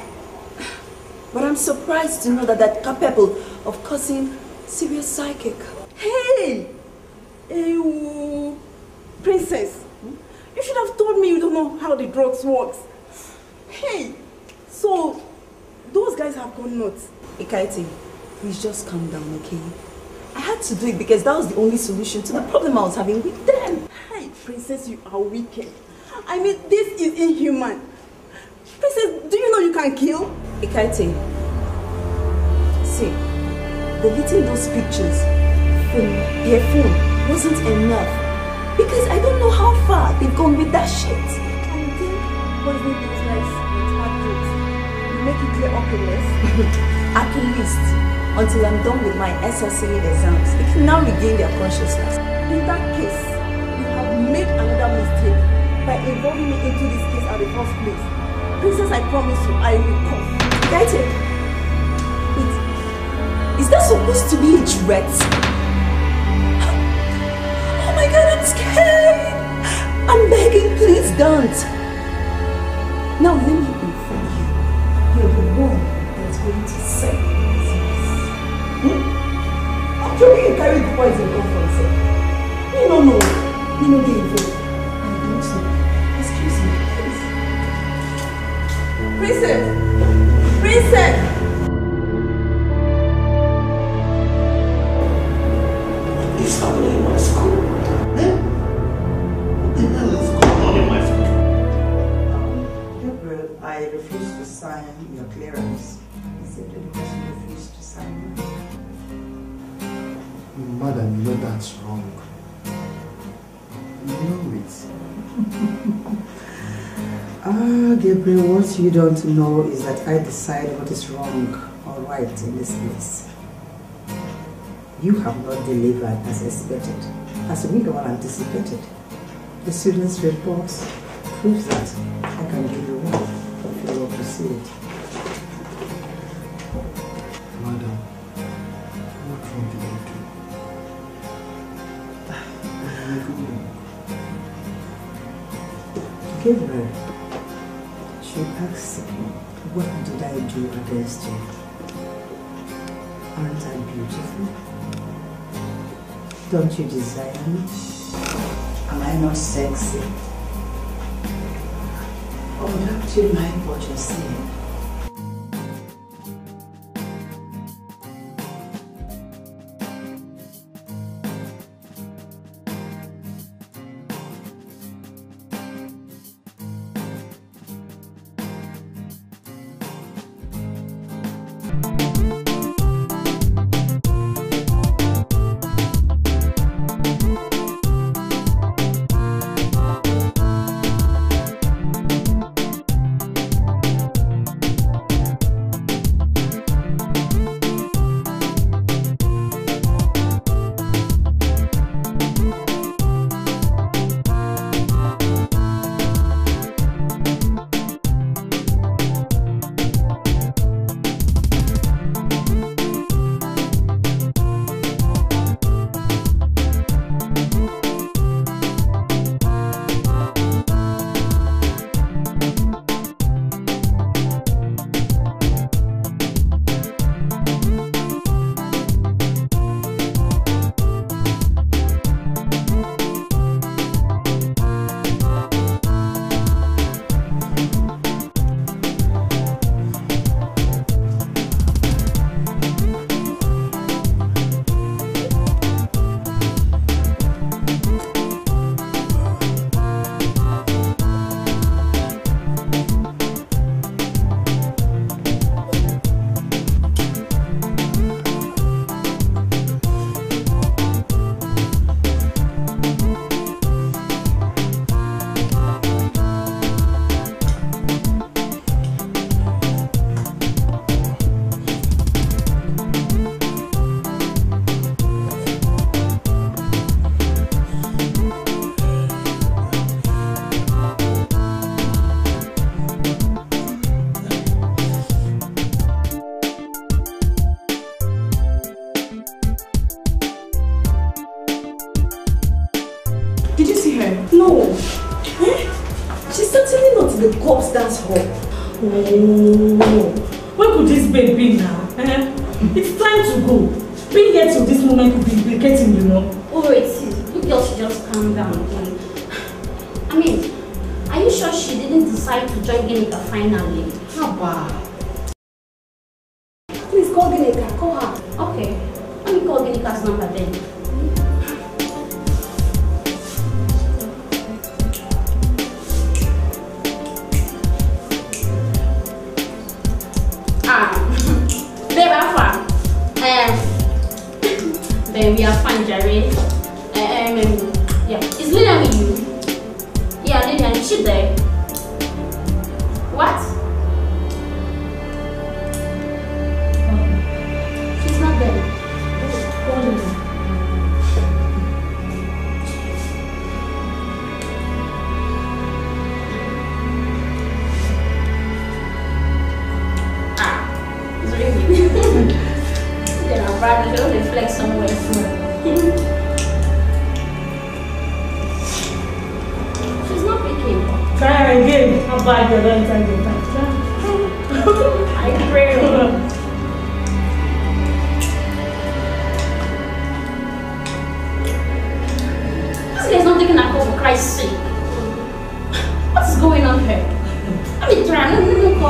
But I'm surprised to know that they're capable of causing serious psychic. Hey! Ew! Princess, you should have told me you don't know how the drugs work. Hey! So, those guys have gone nuts. Ikaiti, please just calm down, okay? I had to do it because that was the only solution to the problem I was having with them. Hi, princess, you are wicked. I mean, this is inhuman. Princess, do you know you can kill? Ikaiti, see, deleting those pictures from their phone wasn't enough because I don't know how far they've gone with that shit. I think, what make it clear up at least until I'm done with my SSA exams, it can now regain their consciousness. In that case, you have made another mistake by involving me into this case at the first place. Princess, I promise you, I will come. Get it? that supposed to be a duet? Oh my god, I'm scared! I'm begging, please don't. Now, let me going to say. Hmm? you carry the poison come from yourself. You don't know. You know the info. I don't know. Excuse me, please. Princess! Princess! happening in my school. in my school? I refuse to sign your clearance accepted because refused to sign. Madam, you know that's wrong. You know it. ah, Gabriel, what you don't know is that I decide what is wrong or right in this place. You have not delivered as expected, as we all anticipated. The students' reports proves that I can give you one if you will proceed. giver, she asks me, What did I do against you? Aren't I beautiful? Don't you desire me? Am I not sexy? Oh, that you mind what you're saying.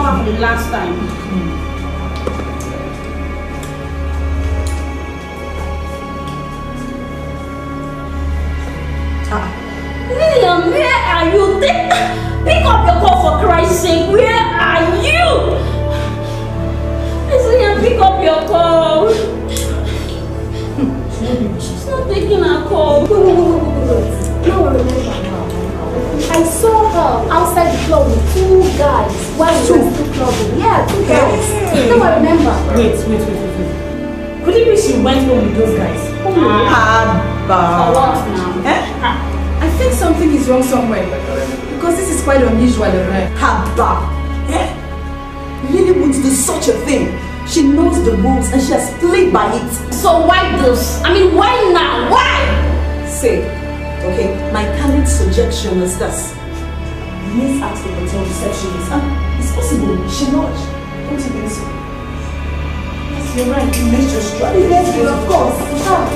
happened last time. Mm. Ah. Liam, where are you? pick up your call for Christ's sake. Where are you? Please, Liam, pick up your call. She's not taking her call. No, no, no, no, no. No, remember I saw her outside the club with two guys. One two. Yeah, two girls. Hey. No, I remember. Wait, wait, wait, wait, wait. Could it be she went home with those guys? Oh, For what now? Eh? I think something is wrong somewhere. Because this is quite unusual, right? Habba! Eh? Lily wouldn't do such a thing. She knows the rules and she has played by it. So why this? I mean, why now? Why? Say, okay, my candid suggestion is this. Miss us ask the hotel receptionist. Huh? possible. She not. Don't you think so? Yes, you're right. You missed your strategy. Yes, of course. Ah.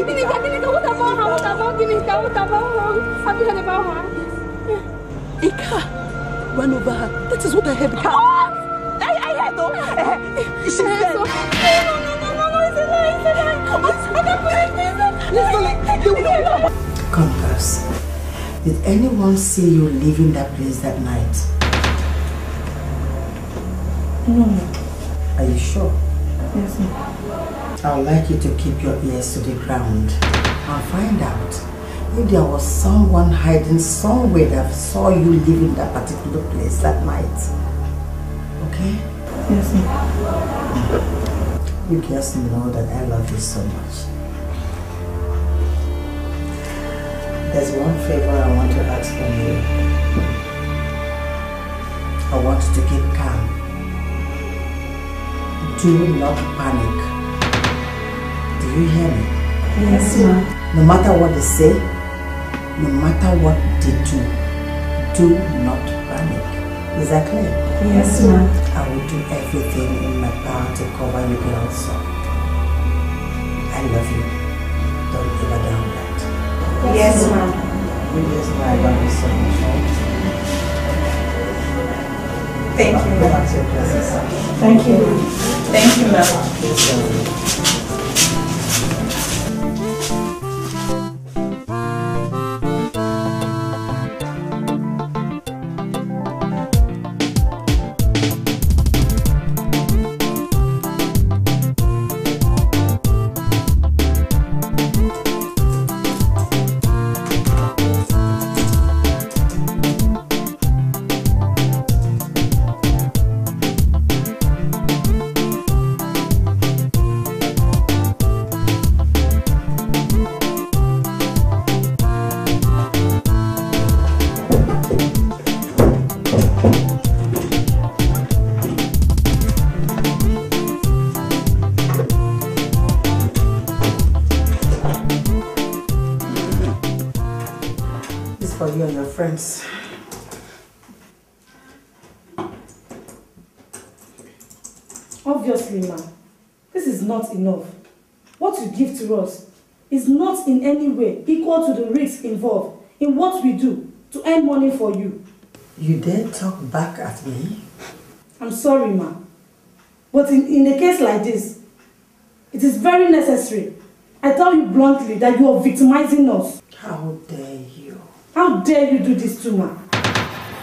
Tinig Ika, over her. That is what I I, I had, No, no, no, no, no, it's it's not Come, girls. Did anyone see you leaving that place that night? No. Are you sure? Yes, ma'am. I would like you to keep your ears to the ground and find out if there was someone hiding somewhere that saw you leaving that particular place that night. Okay? Yes, ma'am. You just know that I love you so much. There's one favor I want to ask from you. I want you to keep calm. Do not panic you hear me? Yes, ma'am. No matter what they say, no matter what they do, do not panic. Is that clear? Yes, ma'am. I will do everything in my power to cover you girls up. I love you. Don't ever down that. Yes, ma'am. We just know love you so much. Thank you. Thank you. Thank you, ma'am. talk back at me? I'm sorry, ma, But in, in a case like this, it is very necessary. I tell you bluntly that you are victimizing us. How dare you? How dare you do this to ma?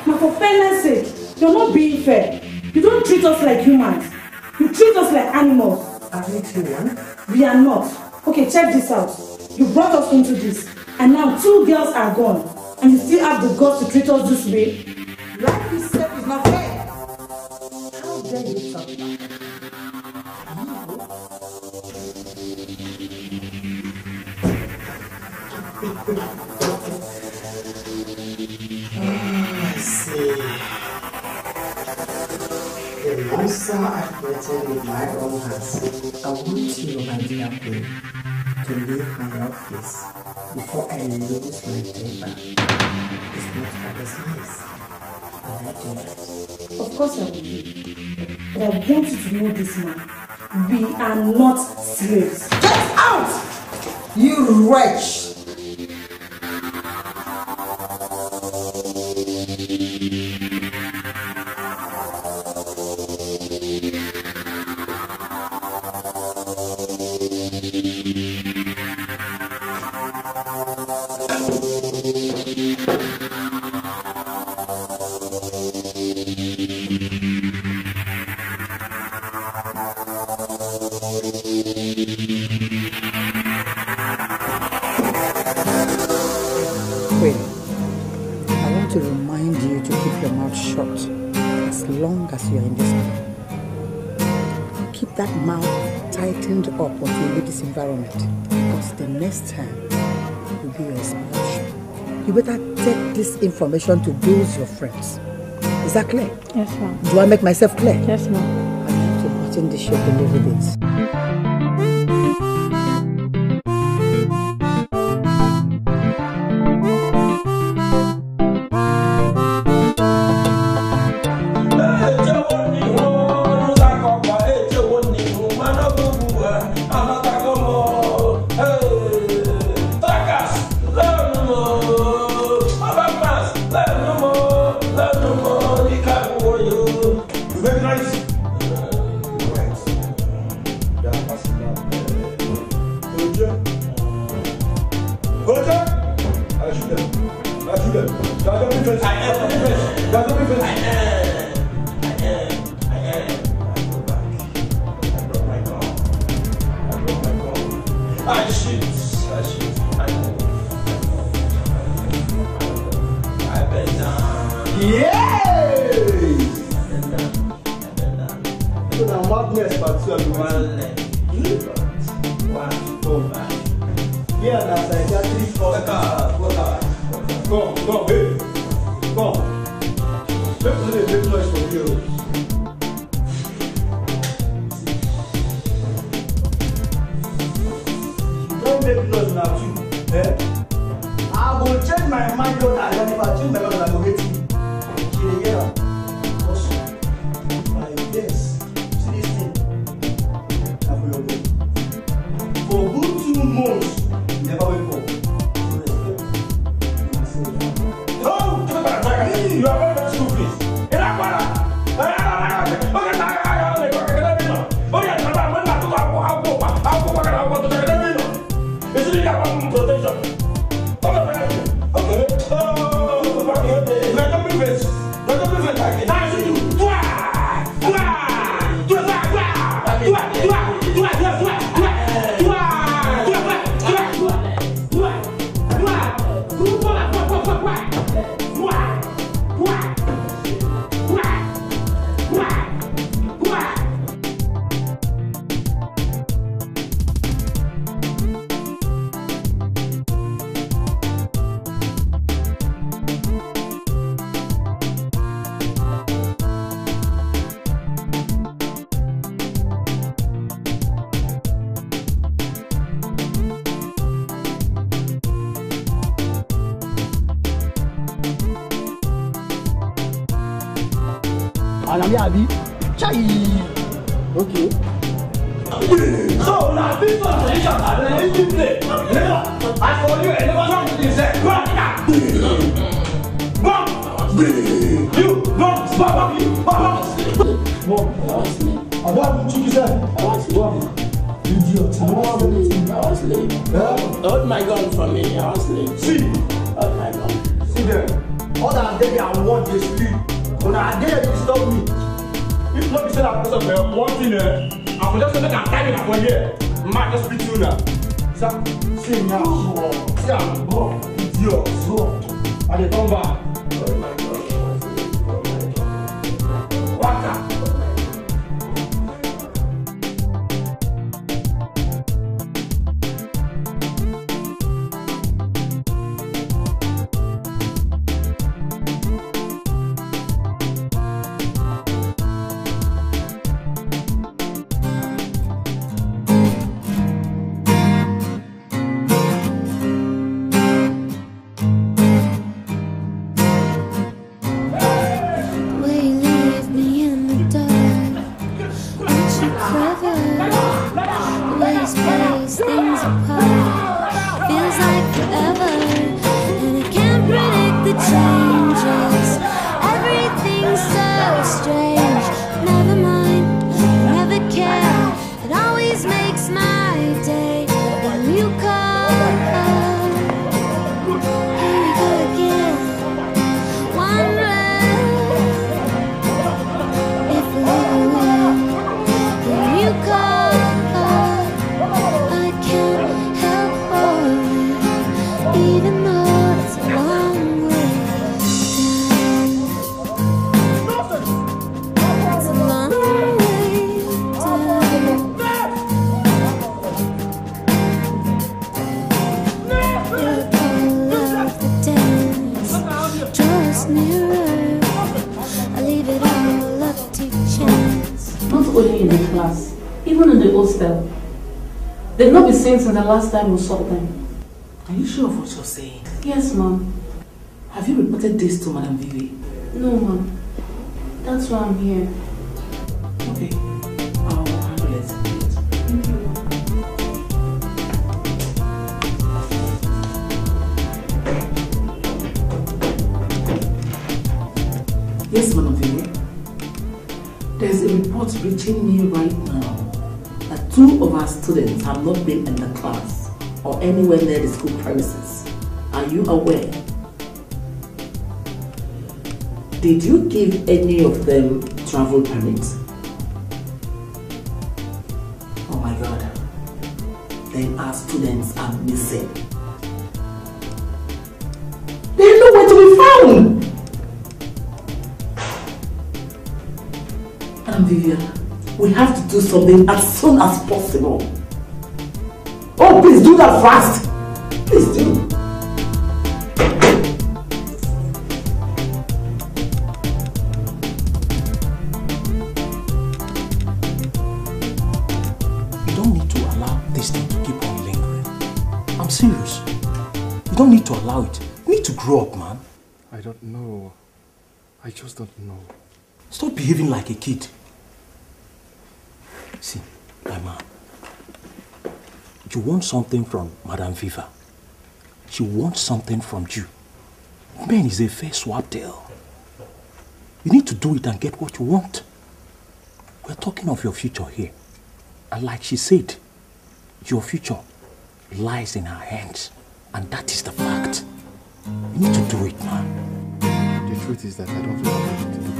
Ma, for fairness sake, you're not being fair. You don't treat us like humans. You treat us like animals. Are we human? We are not. Okay, check this out. You brought us into this, and now two girls are gone, and you still have the guts to treat us this way? Life itself is not fair. How dare you talk it? I see. The monster I've my own I want you, my dear queen, to leave my office before I lose my temper. It's not always nice. happened. Of course I will But I want you to know this man. We are not slaves. Get out! You wretch! you better take this information to those your friends. Is that clear? Yes, ma'am. Do I make myself clear? Yes, ma'am. I have to put in the shape I'll go back and I'll go to the government. It's really about protection. since the last time we saw them. Are you sure of what you're saying? Yes, ma'am. Have you reported this to Madam Vivi? No, ma'am. That's why I'm here. Okay. I'll of it. Thank you. Yes, Madam Vivi. There's a report reaching me right now Two of our students have not been in the class or anywhere near the school premises. Are you aware? Did you give any of them travel permits? Oh my god. Then our students are missing. they know where to be found! I'm Vivian. We have to do something as soon as possible. Oh, please do that fast. Please do. to this thing keep on lingering. I'm serious. You don't need to allow it. You need to grow up, man. I don't know. I just don't know. Stop behaving like a kid. See, my mom, you want something from Madame Viva. She wants something from you. Man is a fair swap deal. You need to do it and get what you want. We're talking of your future here. And like she said, your future lies in our hands. And that is the fact. You need to do it, man. The truth is that I don't feel like to do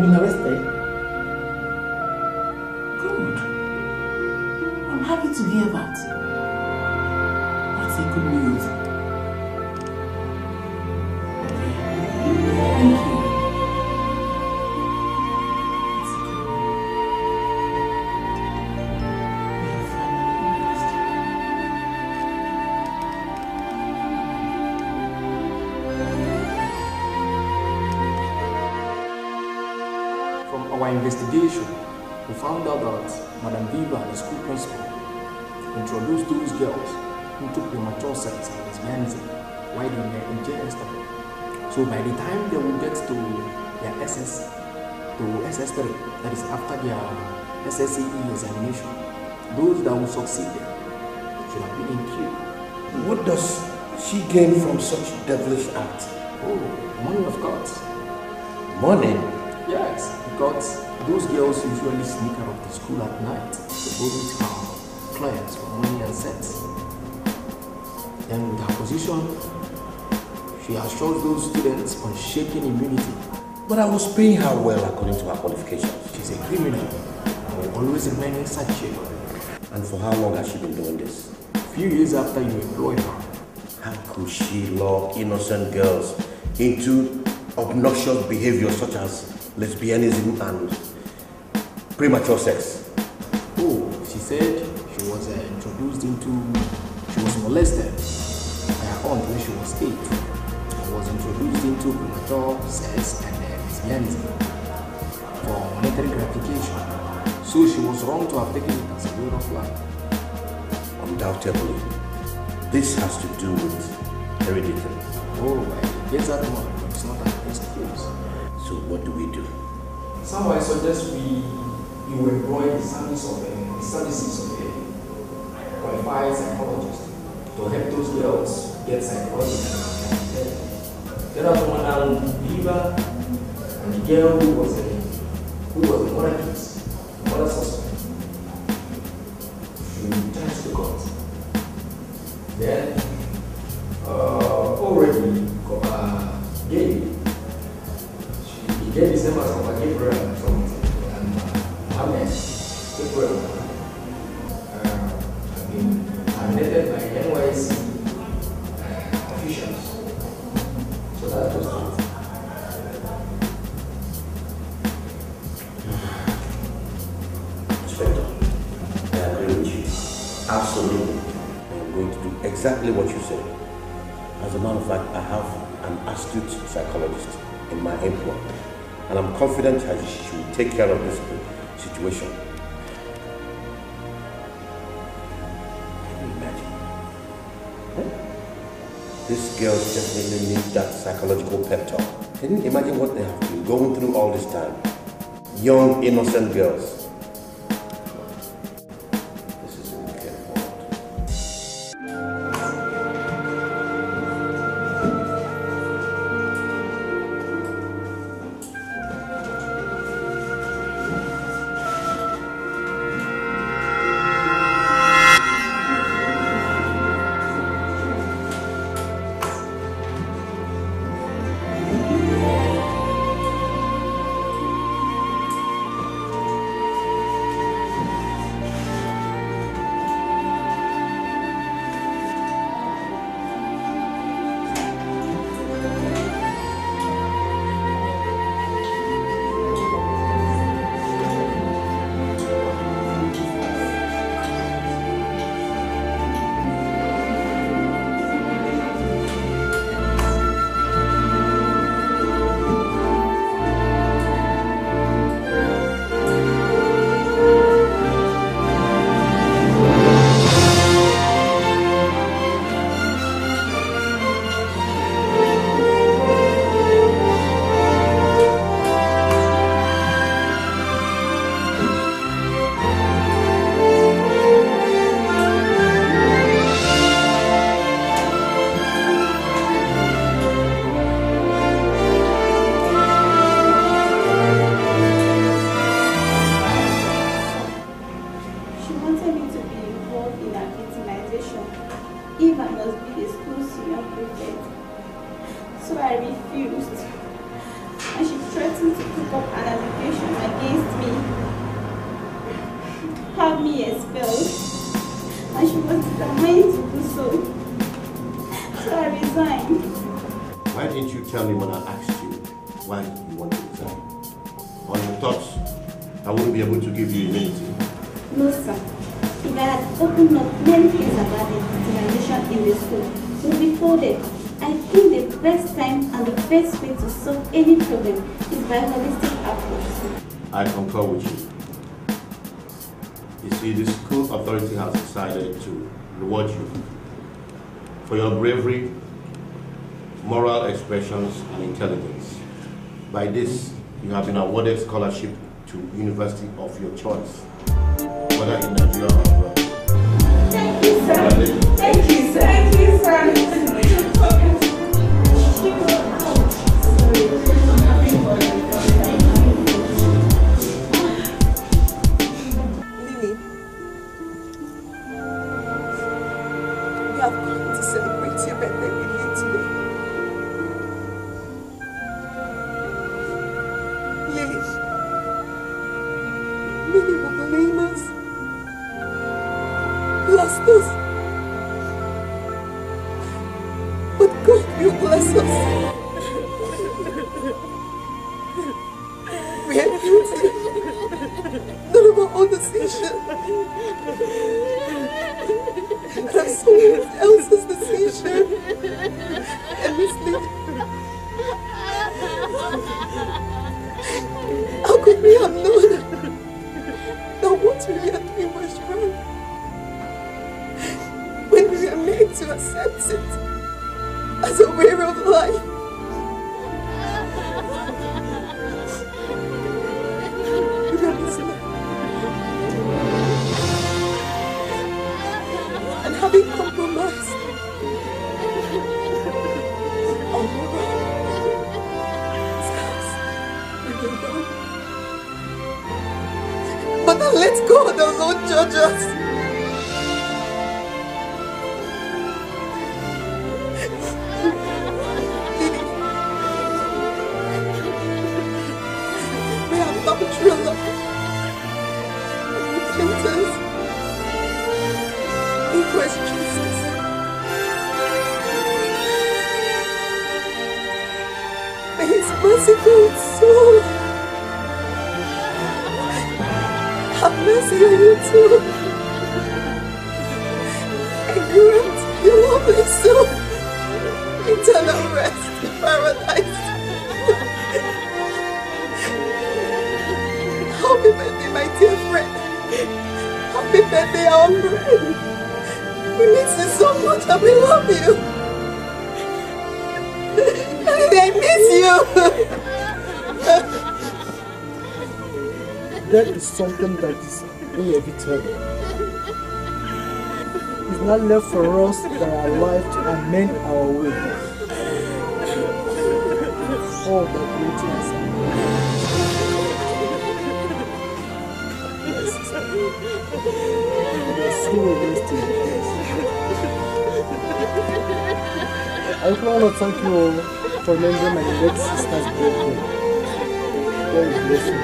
Gracias. But I was paying her well according to her qualifications. She's a criminal. I will always remain in such a. And for how long has she been doing this? A few years after you employed her. How could she lure innocent girls into obnoxious behavior such as lesbianism and premature sex? Oh, she said she was uh, introduced into, she was molested by her aunt when she was eight. She was introduced into premature sex and for monetary gratification. So she was wrong to have taken it as a way of life. Undoubtedly, this has to do with heredity. Oh, I guess that one, but it's not an case. So what do we do? Somehow I suggest we you employ the service of a, uh, services of a uh, qualified psychologist to help those girls get psychological. There are someone that will deliver and Gail was And girls. She wanted me to be involved in her victimization if I must be a school senior prefect. So I refused. And she threatened to put up an allegation against me, have me expelled, and she was determined to do so. So I resigned. Why didn't you tell me when I asked you why you want to resign? On your thoughts, I wouldn't be able to give you immunity. No, sir. If I had opened up many things about the victimization in the school, would be folded. I think the best time and the best way to solve any problem is by holistic approach. I concur with you. You see, the school authority has decided to reward you for your bravery, moral expressions, and intelligence. By this, you have been awarded scholarship to university of your choice. Thank you, sir. Thank you, sir. Thank you, sir. hungry. He misses you so much and we love you. I miss you. that is something that is inevitable. It's not left for us that are alive to amend our way. Oh, I want to thank you all for lending my great sister's birthday. God bless you.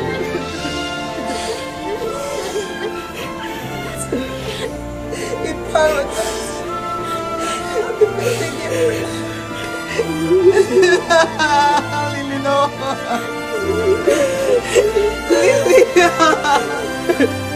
In paradise, Lily, no. Lily.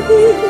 你。